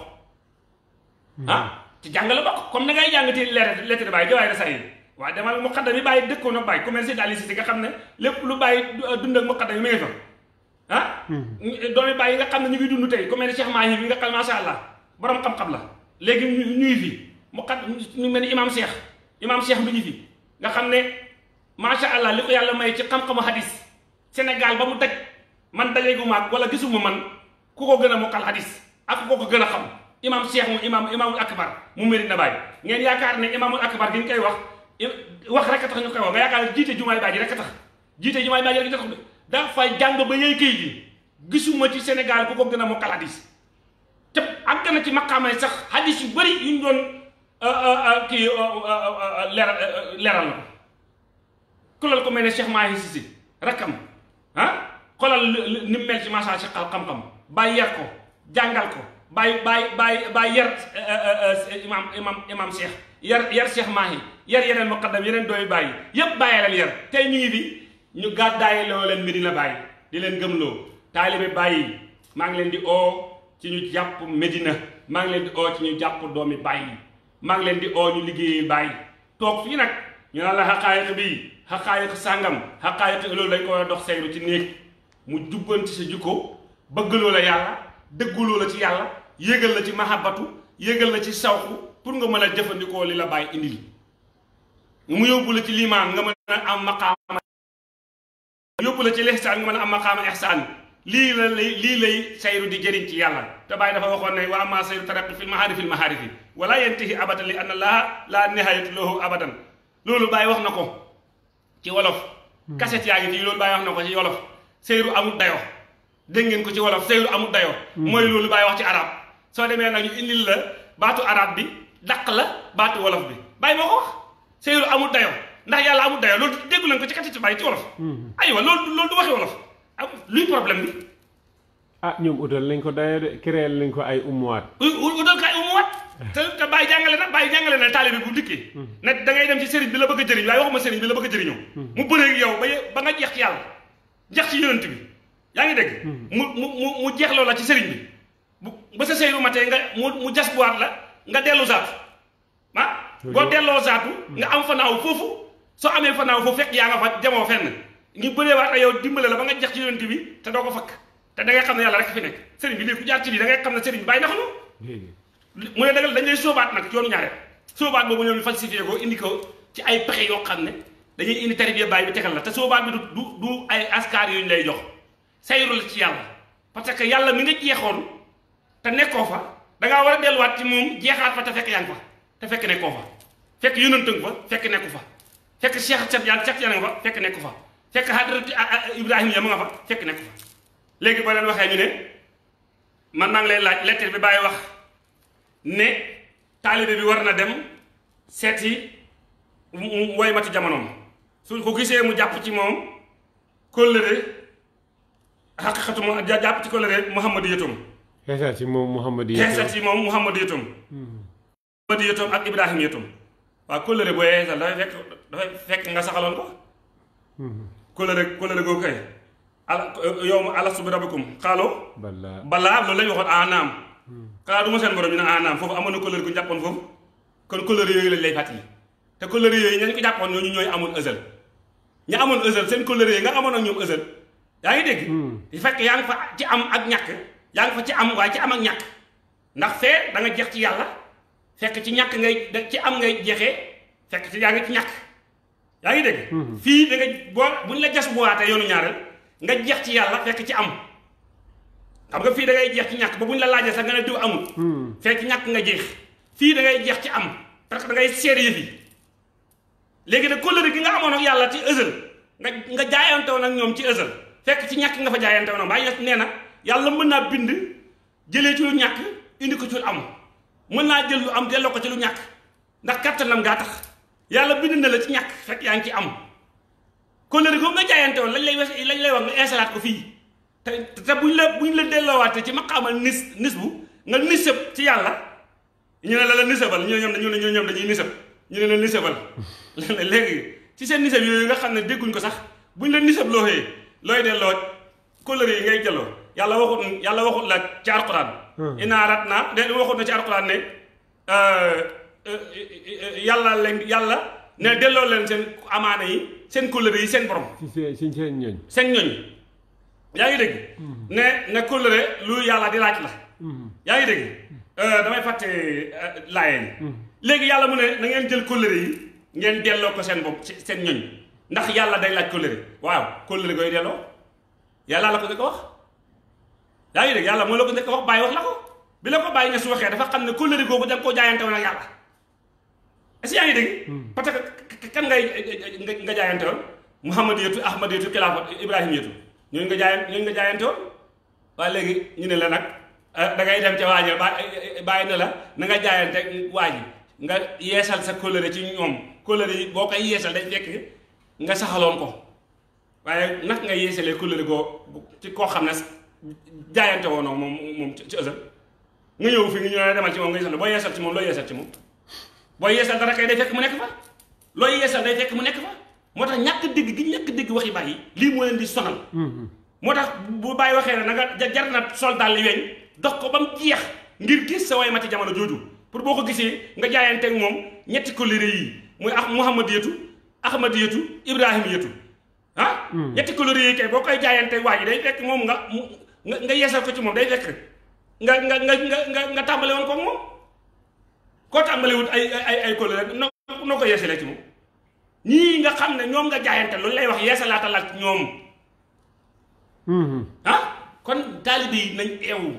hmm. ah, ci jàng la bokk comme na ngay jàng ci lettre lettre bàyyi jawaay da sayin waaye demal muqaddam yi bàyyi dëkkoon ak bàyyi commerce daal si nga xam ne lépp lu bàyyi euh, dund ak muqaddam yi mu ngi fa ah hmm. doomi bàyyi nga xam ne ñu ngi dund tey ku mel ni Cheikh Mahi bi nga xam allah borom xam-xam la léegi ñuy fi muqaddam ñu mel ni imam Cheikh imam Cheikh bi ñu fi nga xam ne macha allah li ko yàlla may ci xam-xamu hadis Sénégal ba mu teg man dajeegu maag wala gisuma man ku ko gën a mokkal hadis ak ku ko gën a xam imam cheikh mu imam imamul akbar mu Medina Baye ngeen yaakaar ne imamul akbar gi ñu koy wax a tax ñu koy wax nga yaakaar jiite jumaay Baay ji rek a tax jiite jumaay a tax daa fay jàng ba yëy kayit gisuma ci Sénégal ku ko gën a mokkal hadis te àgg na ci maqaamay sax hadis yu bëri yu ñu doon euh, euh, euh, kii leeral leeral na kolal ko mel ne Cheikh Mahi Cissé ah? ni mu mel xam-xam bàyyi yar ko jàngal ko bàyyi bàyyi bàyyi bàyyi yar eh, eh, eh, imam imam imam cheikh yar yar cheikh maahi yar yeneen muqaddam yeneen dooyu bàyyi yépp bàyyi leen yar tey ñu ngi fi ñu gàddaaye loo leen Medina Baye di leen gëmloo taalibe bàyyi maa ngi leen di oo ci ñu jàpp Medina maa ngi leen di oo ci ñu jàpp doomi bàyyi maa leen di oo ñu liggéeyee bàyyi toog fii nag ñu naan la xaqaayiq bii xaqaayiq sàngam xaqaayiq loolu dañ ko war a dox sayru ci néeg mu jubbanti sa jikko bëggaloo la yàlla dëgguloo la ci yàlla yéegal la ci mahabatu yéegal na ci sawxu pour nga mën a jëfandikoo li la bàyyi indil mu yóbbu ci limaan nga mën a la ci lihsaan nga mën a am maqaama ihsaan lii la lay sayru di jëriñ ci yàlla te bàyyi dafa waxoon ne waa amma sayru taraqi fil mahaarifi fil mahaarifi wala yantahi abadan li anna laaha laa nihaayatu lahu abadan loolu bàyyi wax na ko ci wolof hmm. kaset yaa ngi fii loolu bàyyi wax na ko ci wolof sayru am dayo dégg ngeen ko ci wolof sëyul amul dayoo hmm. mooy loolu baay wax ci arab soo demee nag ñu indil la baatu arab bi daq la baatu wolof bi bàyyi moo ko wax sëyul amul dayoo ndax yàlla amul dayoo loolu déggu leen ko ci kati ci bàyyi ci wolof hmm. aywa loolu loolu du waxi wolof ah luy problème bi ah ñoom utal ko dayoo de créel lañ ko ay umuwaat utal ko ay umuwaat (laughs) te te bàyyi jàngale na bàyyi jàngale na taalibe bu dikkee hmm. ne da ngay dem ci bi la bëgg a jëriñ waaye waxuma sëriñ bi la bëgg a mu bëree yow ba ba nga jeex yàlla jeex ci yonent bi yaa ngi dégg. Hmm. mu mu mu mu jeexloo la ci sëriñ bi bu ba sa sëyru matee nga mu mu jas buwaat la nga dellu zaatu ah. delloo zaatu. Hmm. nga am fanaaw foofu soo amee fanaaw foofu fekk yaa nga fa demoo fenn ñu bëree waat ak yow dimbale la ba nga jeex ci bi te doo ko fakk te da ngay xam yàlla rek fi nekk sëriñ bi da ngay xam ne sëriñ bàyyi na ko noonu. mu ne dagal dañ lay sóobaat nag yoonu ñaareel sóobaat boobu ñoom ñu falsifié ko indi ko ci ay pexe yoo xam ne dañuy indi tarbiya bàyyi bi tegal la te sóobaat bi du du ay askar yu lay jox sayru la ci yàlla parce que yàlla mi nga jeexoon te nekkoo fa dangaa war a delluwaat ci mu jeexaat fa te fekk yaa ngi fa te fekk nekkoo fa fekk yónnantëng fa fekk nekku fa fekk Cheikh Tidiane Cheikh Tidiane nga fa fekk nekku fa fekk xadrati ah, ah, Ibrahima ya ma nga fa fekk nekku fa léegi ba leen waxee ñu ne man maa ngi lay laaj lettre bi bàyyi wax ne taalibe bi war na dem seeti woy matu jamonoom su ko gisee mu jàpp ci moom kóllëre xaqiqatu jàpp ci coloré Mouhamadu Yatoum. xeesat yi moom Mouhamadu Yatoum xeesat yi moom nga saxaloon ko. coloré coloré googu kay. ala yow ma alastu bi rabbikum xaaloo. balaa balaa loolu la ñu waxoon aanaam. xanaa du ma seen borom ñu ne aanaam foofu amoon na couleur jàppoon foofu kon couleur lañ lay fàttali te couleur ñañ ko jàppoon ñooñu ñooy amul ësël ña amoon ësël seen couleur nga amoon ak ñoom ësël yaa ngi dégg. di hmm. fekk yaa ngi fa ci am ak ñàkk yaa ngi fa ci am waaye ci am ak ñàkk ndax fee da jeex ci yàlla fekk ci ñàkk ngay da ci am ngay jeexee fekk ci yaa ngi ci ñàkk yaa ngi dégg. Hmm. fii da nga boo buñ la jas bu waatee yoonu ñaareel nga jeex ci yàlla fekk ci am xam nga fii dangay jeex ci ñàkk ba buñ la laajee sax nga ne diw amul. Hmm. fekk ñàkk nga jeex fii dangay jeex ci am parce que da ngay seer yëf yi léegi nag kóllëre gi nga amoon ak yàlla ci ësël nga nga jaayantewoon ak ñoom ci fekk ci ñàkk nga fa jaayante woon waaye nee na yàlla mën naa bind jëlee ci lu ñàkk indi ko ci lu am mën naa jël lu am delloo ko ci lu ñàkk ndax kattanam ngaa tax yàlla bind na la ci ñàkk fekk yaa ngi ci am kóllëre googu nga jaayante woon lañ lay wes lañ lay wax nga installaat ko fii te te buñ la buñ la delloowaatee ci maqaamal nis nis bu nga nisëb ci yàlla ñu ne la la nisëbal ñu ne ñoom ñu ne ñoom dañuy nisëb ñu ne la nisëbal (laughs) léegi ci seen nisëb yooyu nga xam ne dégguñ ko sax buñ la nisëb looxee looy delloo kóllëre yi ngay jëloo yàlla waxut yàlla waxut la ci alquran hmm. inaa rat naa de waxut na ci alquran ne euh, euh, euh, yàlla leen yàlla ne delloo leen seen amaana yi seen kóllëre yi seen borom seen seen ñooñ seen ñooñ yaa ngi dégg hmm. ne ne kóllëre lu yàlla di laaj la hmm. yaa ngi dégg damay fàtte laayeen léegi yàlla mu ne na ngeen jël kóllëre yi ngeen delloo ko seen bopp seen ñooñ ndax yàlla day laaj kóllëre waaw kóllëre koy delloo yàlla la ko njëkk wax yaa ngi dégg yàlla moo la ko nekk wax bàyyi wax la ko bi la ko bàyyi ne su waxee dafa xam ne kóllëre googu da nga koo jaayante woon ak yàlla est-ce que yaa ngi dégg hmm. parce que kan ngay nga jaayante woon Muhammad yetu Ahmad yetu nga jaayan ñooñu nga jaayante woon léegi ñu ne la nag eh, da ngay dem ca waaji eh, eh, bàyyi na la na nga jaayante waaji nga yeesal sa kóllëre ci ñoom kóllëre yi boo koy yeesal day fekk nga saxaloon ko waaye nag nga yeesalee kóllëre goo ci koo xam ne jaayante woon moom moom ci ësël nga ñëw fi nga ñu ne demal ci moom nga yeesal boo yeesal ci moom looy yeesal ci moom boo yeesal dara kay day fekk mu nekk fa looy yeesal day fekk mu nekk fa moo tax ñàkk dégg gi ñàkk dégg waxi bàyyi lii moo leen di sonal mm-hmm. moo tax bu bàyyi waxee ne na nga jar na soldaal li weñ dox ko ba mu jeex ngir gis sa way mati jamono jooju pour boo ko gisee nga jaayante moom ñetti kóllëre yi muy ak ah Muhammadiyatu ahmad yëtu ibrahim yëtu ah hmm. ñetti couleur yi kay boo koy jaayante waa ji day fekk moom nga nga yeesal ko ci moom day fekk nga nga nga nga nga tàmbale woon ko moom koo tàmbalewut ay ay ay couleur rek noo ko yeesalee ci moom ñii nga xam ne ñoom nga jaayante loolu lay wax yeesalaatalal ci ñoom ah kon taalibe yi nañ eewu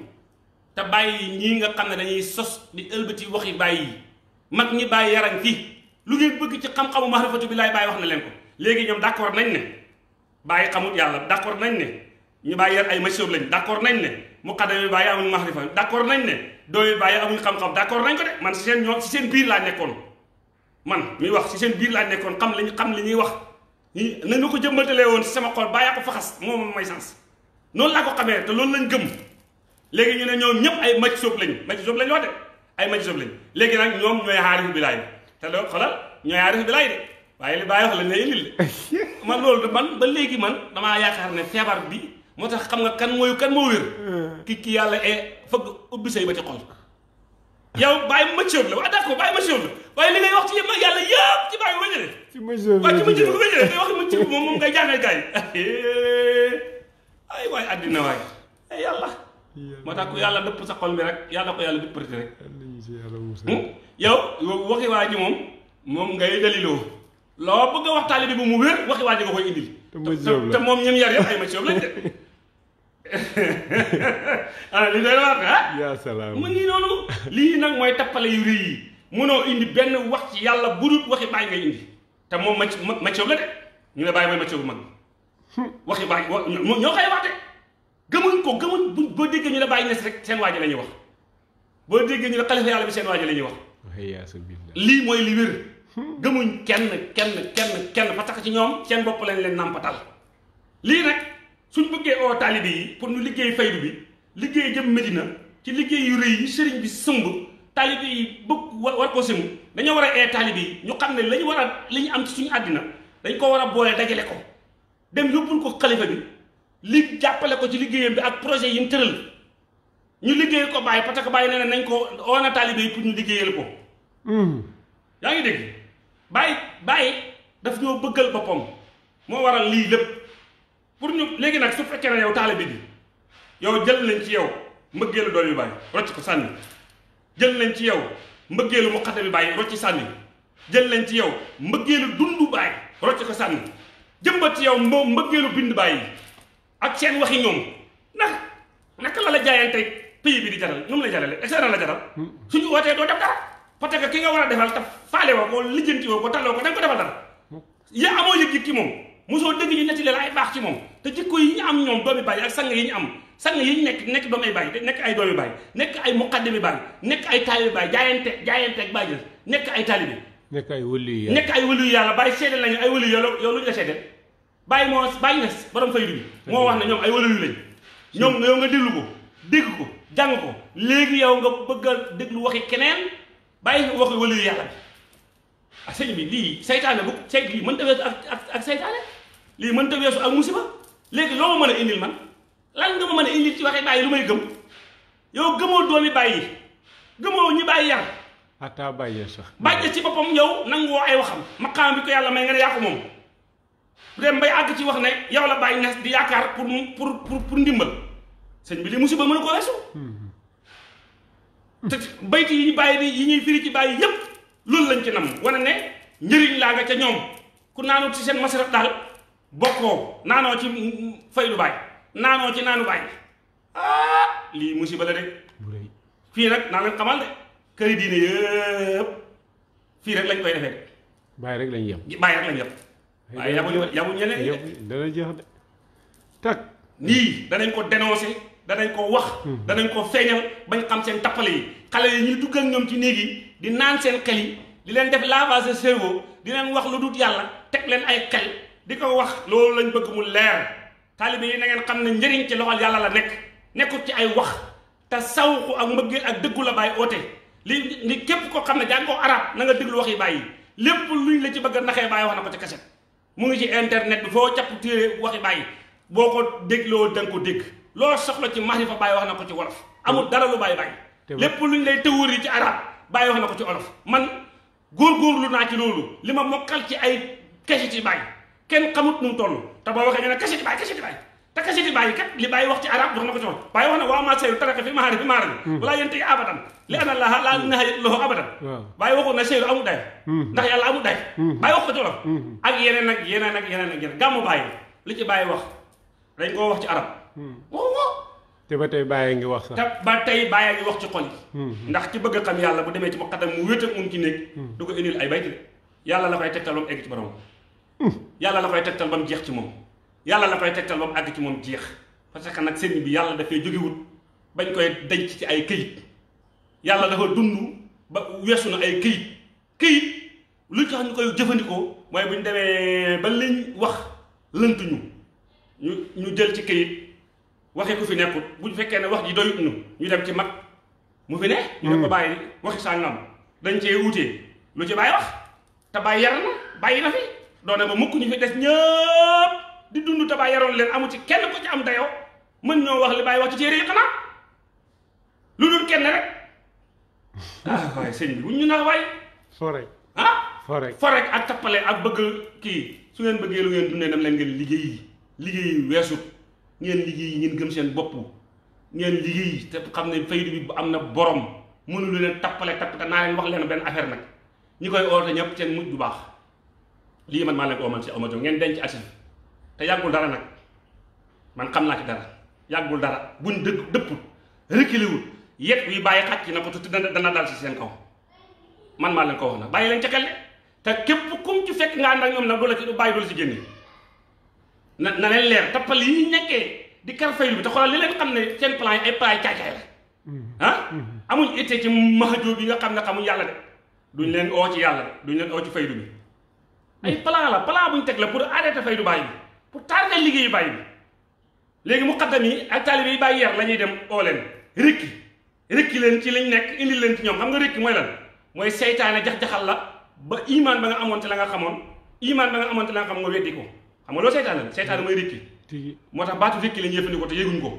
te bàyyi ñii nga xam ne dañuy sos di ëlbati waxi bàyyi mag ñi bàyyi yaram fii lu ngeen bëgg ci xam-xamu maarifatu billaahi bàyyi wax na leen ko léegi ñoom d'accord nañ ne bàyyi xamul yàlla d'accord nañ ne ñu bàyyi yar ay masiyob lañ d'accord nañ ne muqaddam yi bàyyi amuñ mahrifa d'accord nañ ne doomi bàyyi amuñ xam-xam d'accord nañ ko de man si seen ñoo si seen biir laa nekkoon man muy wax si seen biir laa nekkoon xam lañu xam li ñuy wax ñu nañu ko jëmbatalee woon si sama xol bàyyi ko faxas moom may sens noonu laa ko xamee te loolu lañ gëm léegi ñu ne ñoom ñëpp ay masiyob lañ masiyob lañ wax de ay masiyob lañ léegi nag ñoom ñooy xaarifu billaahi te loolu xoolal ñooy aarif bilaay de waaye li bàyyi wax la ne ilil de man loolu man ba léegi man damaa yaakaar ne feebar bi moo tax xam nga kan mooy kan moo wér hmm. ki ki yàlla e fëgg ubbi say ba ci xol yow bàyyi mature la waaw d'accord bàyyi mature la li ngay wax ci yëpp ci bàyyi wëjële ci mature waaw ci mature wëjële ngay wax mature (laughs) moom moom ngay jàngal gars yi (laughs) ay waay addina waay ay yàlla moo tax ku yàlla dëpp sa xol bi rek yàlla ko yàlla dëppati rek yow waxi waa moom moom ngay daliloo loo bëgg a wax taalibe bi mu wér waxi waa ji nga koy indil. te moom ñoom yar yëpp ay monsieur li doy wax ma ah? yaa salaam mu lii nag mooy tappale yu rëy yi munoo indi benn wax ci yàlla budul waxi baay ngay indi te moom ma monsieur la de ñu ne bàyyi mooy monsieur bu mag (laughs) waxi baay ñoo koy wax de gëmuñ ko gëmuñ boo déggee ñu ne bàyyi ñes rek seen waaj ji la ñuy wax boo déggee ñu ne xalifa yàlla bi seen waa ji la ñuy wax. lii mooy li wér gëmuñ kenn kenn kenn kenn parce ci ñoom seen bopp lañ leen nàmpatal lii nag suñ bëggee oo taalibe yi pour ñu liggéey faydu bi liggéey jëm Medina ci liggéey yu rëy yi sëriñ bi sëmb taalibe yi bëgg war ko sëmb dañoo war a ee taalibe yi ñu xam ne lañu war a li ñu am ci suñu àddina dañ ko war a boole dajale ko dem yóbbul ko xalifa bi li jàppale ko ci liggéeyam bi ak projet yi mu tëral ñu liggéey ko bàyyi parce que bàyyi nee nañ ko oo na taalibe ñu liggéeyal ko Hmm. yaa ngi dégg bàyyi bàyyi daf ñoo bëggal boppam moo waral lii lépp pour ñu léegi nag su fekkee ne yow taalibe bi yow jël nañ ci yow mbëggeelu doom bi bàyyi rocc ko sànni jël nañ ci yow mbëggeelu muqadda bi bàyyi rocc sànni jël nañ ci yow mbëggeelu dundu bàyyi rocc ko sànni jëmbat ci yow moom mbëggeelu bind bàyyi ak seen waxi ñoom ndax naka la la jaayante pays bi di jaral ñoom la jarale et la jaral hmm. suñu wootee doo def dara parce ki nga war a defal te faale woo ko lijjanti woo ko talloo ko da ko defal dara ya amoo yëg-yëg ci moom mosoo dëgg ñu netti leen ay baax ci moom te jikko yi ñu am ñoom doomi bàyyi ak sang yi ñu am sang yi ñu nekk nekk doomi bàyyi nekk ay doomi bàyyi nekk ay muqaddami bàyyi nekk ay taalibi bàyyi jaayante jaayante ak bàyyi nekk ay taalibi nekk ay wëliyu yàlla nekk ay wëliyu yàlla bàyyi seedeel lu ñu la seedeel bàyyi moo bàyyi nga borom fay dubi moo wax ne ñoom ay wëliyu lañ ñoom yow nga déglu ko dégg ko jàng ko léegi yow nga bëgg a déglu waxi keneen bàyyi nga wax wala yàlla bi ak ah, sëñ bi lii saytaane bu say lii mënta weesu ak ak ak saytaane lii mënta weesu ak musiba léegi loo ma mën a indil man lan nga ma mën a indil ci waxee bàyyi lu may gëm yow gëmoo doomi bàyyi gëmoo ñi bàyyi yar. ataa bàyyi sax. bàyyi ci boppam yow nangoo ay waxam. maqaam bi ko yàlla may nga ne yaa moom bu dem bay àgg ci wax ne yow la bàyyi nes di yaakaar pour pour pour ndimbal sëñ bi lii musiba mën ko weesu. Hmm. te bayt yi bàyyi ni yi ñuy firi ci bàyyi yépp loolu lañ ci nam wane ne njëriñ laa nga ca ñoom ku naanoo ci seen masaraf daal bokkoo naanoo ci lu baay naanoo ci naanu baay ah lii musiba la de fii nag naa leen xamal de këri diine rek lañ koy defee bàyyi rek lañ yem bàyyi rek lañ yem waaye yabu yabu ñeneen dana jeex de nii danañ ko dénoncé danañ ko wax hmm. danañ ko feeñal bañ xam seen tappale yi xale yi ñuy dugg ak ñoom ci néeg yi di naan seen xel yi di leen def lavage de di leen wax lu dut yàlla teg leen ay xel di ko wax loolu lañ bëgg mu leer taalibe yi na ngeen xam ne njëriñ ci loxol yàlla la nekk nekkut ci ay wax te sawku ak mbëggeel ak dëggu la bàyyi oote li li képp koo xam ne jàngoo arab na nga déglu wax yi bàyyi lépp luñ la ci bëgg a naxee bàyyi wax na ko ci kaset mu ngi ci internet bi foo capp téere waxi bàyyi boo ko dégloo da ko dégg loo soxla ci maarifa bàyyi wax na ko ci wolof amul dara lu bàyyi bàyyi lépp luñ lay tëwër yi ci arab bàyyi wax na ko ci wolof man góorgóorlu naa ci loolu li ma mokkal ci ay kasiti bàyyi kenn xamut nu mu toll te boo waxee ñu ne kasiti bàyyi kasiti bàyyi te kasiti bàyyi kat li bàyyi wax ci arab jox na ko ci wolof bàyyi wax na waa maa seeru taraka fi maari fi maara hmm. walaa yente abadan li ana bàyyi waxu na seeru amul day hmm. ndax yàlla amul day hmm. bàyyi wax ko ci wolof ak yeneen ak yeneen ak yeneen ak yeneen gàmmu bàyyi li ci bàyyi wax dañ koo wax ci arab waxuma te ba tey bàyyi ngi wax sax. te ba tey bàyyi ngi wax ci xol bi ndax ci bëgg xam yàlla bu demee ci muqaddam mu wéet ak mun ci néeg du ko indil ay bayti de yàlla la koy tegtal ba mu egg ci borom yàlla la koy tegtal ba mu jeex ci moom yàlla la koy tegtal ba mu àgg ci moom jeex parce que nag sëriñ bi yàlla dafay jógewut bañ koy denc ci ay këyit yàlla dafa dund ba weesu na ay këyit këyit lu tax ñu koy jëfandikoo mooy bu ñu demee ba liñ wax lëntuñu ñu ñu jël ci këyit waxi ku fi nekkul bu ñu fekkee ne wax ji doyut nu ñu dem ci mag mu fi ne. ñu ne ko mm. bàyyi waxi sàngam dañ cee wuute lu ci bàyyi wax te bàyyi bàyyi na fi doone ba mukk ñu fi des ñëpp di dund te bàyyi yaroon leen amu ci kenn ko ci am dayo mën ñoo wax li bàyyi wax ci téere yi xanaa lu dul kenn rek (laughs) ah waaye sëñ ñu na waay. fore ah. fore fore ak tappale ak bëgg kii su ngeen bëggee lu ngeen dundee dem leen ngeen liggéeyi liggéeyi weesu. ngeen liggéey ngeen gëm seen bopp ngeen liggéey te xam ne faydu bi am na borom mënul lu leen tappale tapp naa leen wax leen benn affaire nag ñi koy oote ñëpp seen mujj bu baax lii man maa leen ko omal si Omar ngeen denc asif te yàggul dara nag man xam naa ci dara yàggul dara buñ dëgg dëpput rëkkiliwul yet yi bàyyi xàcc na ko te dana dana dal si seen kaw man leen ko wax nag bàyyi leen xel te képp kum ci fekk nga ànd ak ñoom nag du la ci bàyyi du la ci génne na na leen leer tappal yi ñu nekkee di kar faylu bi te xoolal li leen xam ne seen plan yi ay plan yi caay-caay la mm-hmm. ah mm-hmm. amuñ ittee ci mahajoo bi nga xam ne xamuñ yàlla de duñ leen oo ci yàlla de duñ leen oo ci faydu bi ay palaan la bu ñu teg la pour arrêter faydu bàyyi bi pour tardé liggéeyu bàyyi bi léegi mu xaddam yi ak taalibe yi bàyyi yar la ñuy dem oo leen rikki rikki leen ci liñ nekk indi leen ci ñoom xam nga rikki mooy lan mooy seytaane jax-jaxal la ba imaan ba nga amoon te la nga xamoon imaan ba nga amoon te la nga xam nga ko xam nga loolu seytaane la seytaane mooy rikki moo tax baatu rikki la ñuy jëfandikoo te yëguñ ko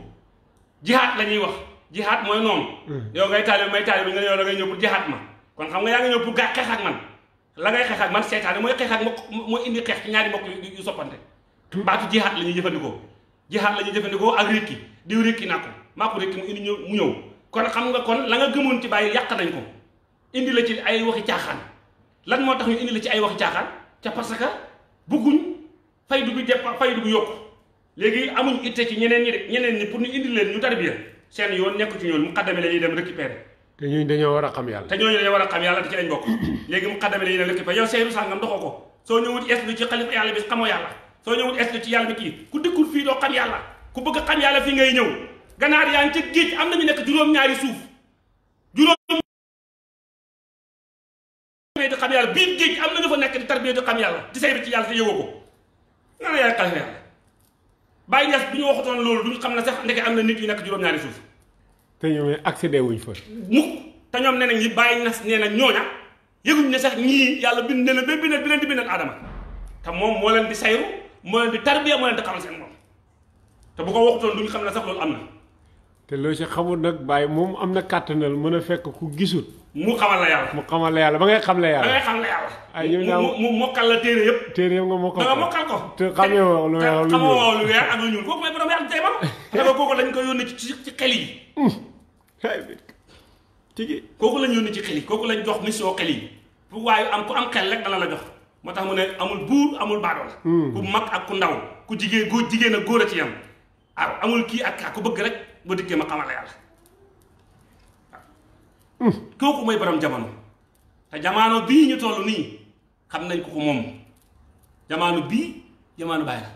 jihaat la wax jihaat mooy noonu hmm. yow ngay taalibe may taalibe nga ne yow da ngay ñëw pour jihaat ma kon xam nga yaa ngi ñëw pour gaa xeex ak man la ngay xeex ak man seytaane mooy la ñuy jëfandikoo jihaat la jëfandikoo ak rikki diw rikki naa ko maa ko rikki mu indi kon xam nga kon la nga gëmoon ci bàyyi yàq nañ ko indi la ci ay waxi caaxaan lan moo tax ñu indi la ci ay waxi caaxaan ca parce que bëgguñ faydu bi départ faydu bi yokku léegi amuñ itte ci ñeneen ñi de ñeneen ñi pour ñu indi leen ñu tarbiya seen yoon nekk ci ñoon muqaddame la ñuy dem récupérer te ñooñu dañoo war a xam yàlla te ñooñu dañoo war a xam yàlla te ci lañ bokk léegi muqaddame la ñuy dem récupérer yow seeru sàngam doxoo ko soo ñëwut eslu ci xalifa yàlla bi xamoo yàlla soo ñëwut eslu ci yàlla bi kii ku dëkkul fii doo xam yàlla ku bëgg xam yàlla fii ngay ñëw ganaar yaa ngi ca géej am nañu nekk juróom-ñaari suuf juróom di xam yàlla biir géej am nañu fa nekk di tarbiya di xam yàlla di say bi ci yàlla te yëwoo ko nga ne yaay xalifa yàlla bàyyi ñaas bu ñu waxutoon loolu duñ xam na sax ndeke am na nit yu nekk juróom-ñaari suuf. te ñoom accédé wuñ fa. mukk te ñoom nee nañ ñi bàyyi ñaas nee na ñooña yëguñ ne sax ñii yàlla bind na la ba bindal bi leen di bindal aadama te moom moo leen di sayru moo leen di tarbiya moo leen di xamal seen moom te bu ko waxutoon duñ xam ne sax loolu am na. te loo si xamul nag bàyyi moom am na kàttanal mën a fekk ku gisut mu xamal la yàlla. mu xamal la yàlla ba ngay xam la yàlla. ba ngay xam la yàlla. mu mokkal la téere yëpp. téere yëpp nga mokkal ko da nga mokkal ko. xamee woo lu weex ak lu ñuul kooku dañ (laughs) koy yónnee ci ci xel yi. Mm. tigi kooku lañ yónnee ci xel kooku lañ jox mission xel yi pour waaye am ku am xel rek dana la jox moo tax mu ne amul buur amul baadool. Mm. ku mag ak ku ndaw ku jigéen góor jigéen ak góor a ci yam. amul kii ak ku bëgg rek ba dikkee ma xamal la yàlla kooku mooy borom jamono te jamono bii ñu toll nii xam nañ ko ko moom jamono bii jamono bàyyi la.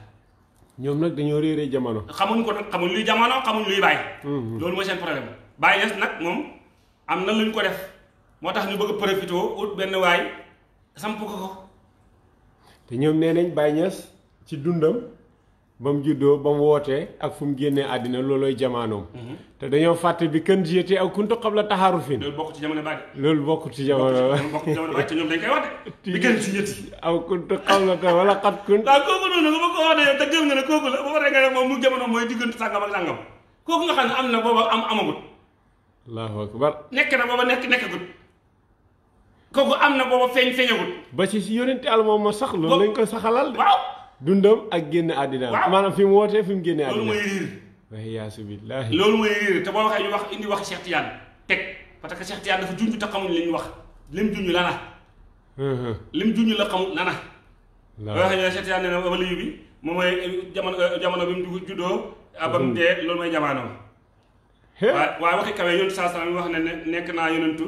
ñoom nag dañoo réeree jamono. xamuñ ko nag xamuñ lu jamono xamuñ luy bàyyi. Mhm. loolu mooy seen problème bàyyi nag moom am na lu luñ ko def moo tax ñu bëgg a profité ut benn waay samp ko ko. te ñoom nee nañ Baye Niass ci dundam ba mu juddoo ba mu wootee ak fu mu génnee àddina loolooy jamaanoom. te dañoo fàtte bi kan jiyete ak kuntu qabla taxaarufin. bokk ci jamono baaje. loolu bokk ci jamono bokk ci jamono baaje te ñoom dañ koy wax de. bi kan jiyete. aw kuntu qabla ta wala xat kun. waaw kooku noonu nga ba ko wax yow te jël nga ne kooku la bu ko defee moom mu jamono mooy diggante sàngam ak sàngam kooku nga xam ne am na booba am amagut. allahu akbar. nekk na booba nekk nekkagut. kooku am na booba feeñ feeñagut. ba ci yonente Yàlla moom ma sax loolu lañ koy saxalal de waaw dundam ak génn àddina maanaam fi mu wootee fi génne àddina loolu mooy riir waaye loolu mooy te boo waxee ñu wax indi wax Cheikh Tidiane teg parce que Cheikh Tidiane dafa junj te xamuñ li ñu wax lim junj la na lim la xamul la na na eh, jamono eh, jamono bi mu juddoo abam dee loolu mooy jamaanoom waaw waaye waxi kawee yonentu saa salaam wax ne ne nekk naa yonentu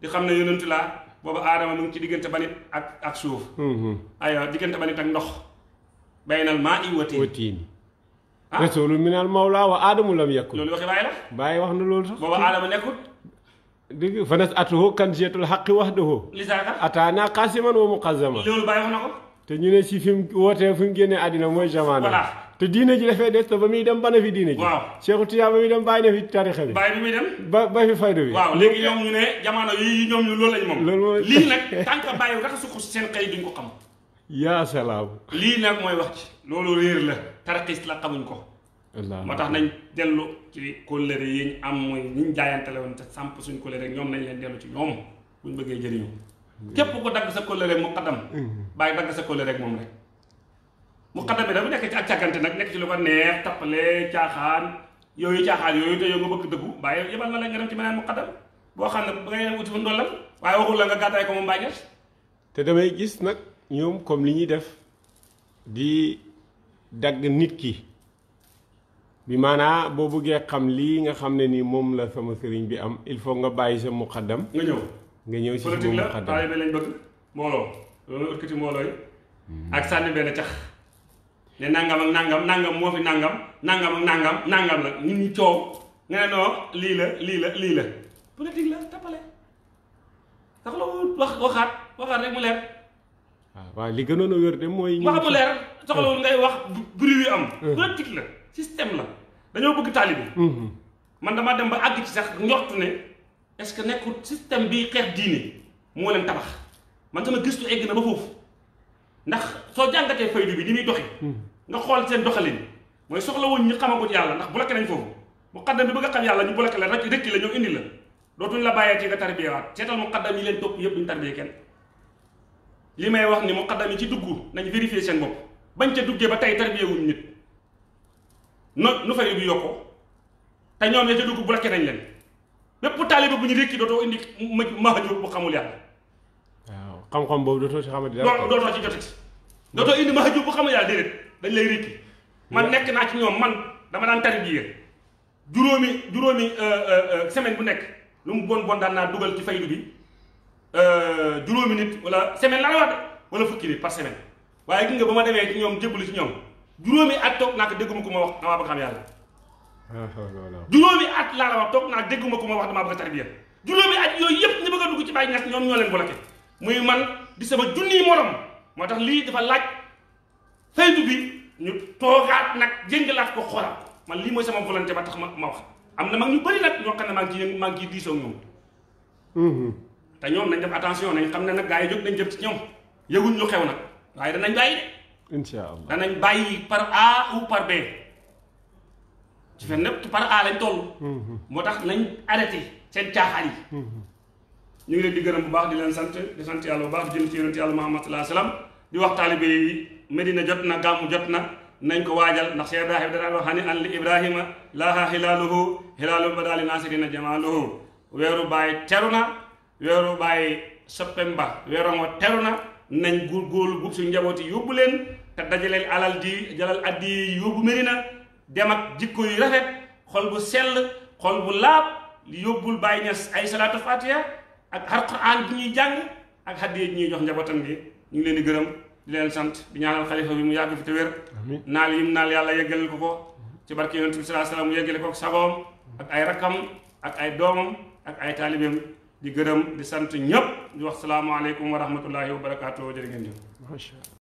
di xam ne yonentu laa boobu aadama mu ci diggante banit ak ak suuf aywa diggante banit ak ndox baynal maa i watiin ah rasulun minal mawla wa aadamu lam yakun loolu waxi bàyyi wax na loolu sax. booba aadama nekkut. dégg fanas atuhu kanziyatul xaqi wahdahu. lisaaka ataana qasiman wa muqazzama. te ñu ne si fi mu wootee fi mu génnee àddina mooy jamono. ji na fi waaw Cheikh Tidiane ba muy dem bàyyi fi tarixa bi. bàyyi bi muy dem. ba ba fi fayda bi. waaw léegi ñoom ñu ne jamono yii ñoom ñu loolu lañ moom. loolu mooy lii nag tant que bàyyi rek su ko seen xëy duñ ko xam yaa salaam. lii nag mooy wax ci loolu réer la tarxiis la xamuñ ko. moo tax nañ dellu ci kóllëre yi ñu am mooy ñu ñu jaayantale woon te samp suñ kóllëre rek ñoom nañ leen dellu ci ñoom buñ bëggee jëriñu. Mm. képp ko dagg sa kóllëre mu xadam. Mm. bàyyi dagg sa kóllëre rek moom rek. mu xadam bi dafa nekk ci ak càggante nag nekk ci lu ko neex tappale caaxaan yooyu caaxaan yooyu te yooyu nga bëgg dëggu bàyyi yebal na la nga dem ci beneen mu xadam boo xam ne ba ngay wuti fu ndollal waaye waxul la nga gàttaay ko moom bàyyi te damay gis nag ñoom comme li ñuy def di dagg nit ki bi maanaa boo bëggee xam lii nga xam ne ni moom la sama sëriñ bi am il faut nga bàyyi sa muqaddam nga ñëw nga ñëw si sama muqaddam politique la lañ bëgg mbooloo loolu ëkkati mbooloo yi hmm. ak sànni benn cax ne nangam ak nangam nangam moo fi nangam nangam ak nangam nangam la nit ñi coow nga ne non lii la lii la lii la politique la tappale ndax loolu wax waxaat waxaat rek mu leer Ah, waaw li gënoon a wér de mooy. ñu wax mu soxla soxlawul ngay wax bruit yu am. politique hmm. la système la dañoo bëgg taalibe. Hmm. man damaa dem ba àgg ci sax njortu ne est-ce que nekkul système bi xeex diine moo leen tabax man sama gëstu egg na ba foofu ndax soo jàngatee faydu bi ni muy doxee. Hmm. nga xool seen doxalin mooy soxlawuñ ñu xamagut yàlla ndax bloqué nañ foofu muqaddam bi bëgg a xam yàlla ñu bloqué la rek rëkki la ñoo indi la dootuñ la bàyyee nga tarbiyewaat leen topp yëpp duñ tarbiyee li may wax ni mu muqaddam yi ci dugg nañ vérifier seen bopp bañ ca duggee ba tey tarbiyé wuñ nit no nu fari bi yokkoo te ñoom ya ca dugg bloqué nañ leen bépp taaliba bu ñu rékki dootoo indi mahajur bu xamul yàlla waaw xam-xam boobu dootoo ci xamati dara dootoo ci jotati dootoo indi mahajur bu xamul yàlla déedéet dañ lay rékki man mm. nekk naa ci ñoom man dama daan tarbiyé juróomi juróomi euh, euh, euh, semaine bu nekk lu mu bon bon daan naa dugal ci faydu bi Euh, juróomi nit wala semaine laa la wax de wala fukki nit par semaine waaye gis nga ba ma demee ci ñoom jébbalu ci ñoom juróomi at toog naa ko dégguma ko ma wax damaa bëgg xam yàlla. juróomi at laa la wax toog naa dégguma ko ma wax damaa bëgg tarbiya juróomi at yooyu yëpp ñu bëgg a dugg ci bàyyi ñaas ñoom ñoo leen bloqué muy man di sama junniy morom moo tax lii dafa laaj saytu bi ñu toogaat nag laa ko xoolal man lii mooy sama volonté ba tax ma ma wax am na mag ñu bëri nag ñoo xam ne maa ngi ciy maa ngi diisoo ñoom. Mm-hmm. te ñoom nañ def attention nañ xam ne nag gars yi jóg nañ jëm lu xew nag waaye danañ bàyyi de. incha allah bàyyi par A ou par B. ci par A lañ toll. Mm-hmm. moo tax nañ arrêté seen caaxaan mm-hmm. ñu ngi gërëm bu baax di leen sant di sant yàlla bu baax di jëm ci yonent yàlla Muhammad jot na gàmmu jot na nañ ko waajal ndax Cheikh Ibrahima dana wax ni an li Ibrahima laaha xilaaluhu xilaalu badali naasirina jamaaluhu weeru bàyyi teru na. weeru bàyyi septembre weeroon wa teru na nañ góorgóorlu bu suñ njaboot yi yóbbu leen te dajaleel alal ji jalal addi yi yóbbu mari na dem ak jikko yi rafet xol bu sell xol bu laab yóbbul bàyyi ñes ay salaatu fatiha ak alquran bi ñuy jàng ak hadiya ji ñuy jox njabootam bi ñu ngi leen di gërëm di leen sant di ñaanal xalifa bi mu yàgg fi te wér yi mu naal yàlla yeggaleel ko ko ci barke yonent bi salaa salaam mu yeggale ko ak sagoom ak ay rakkam ak ay doomam ak ay taalibeem di gërëm di sant ñëpp di wax salaamaaleykum wa rahmatullahi wa barakaatu jërë ngeen jëf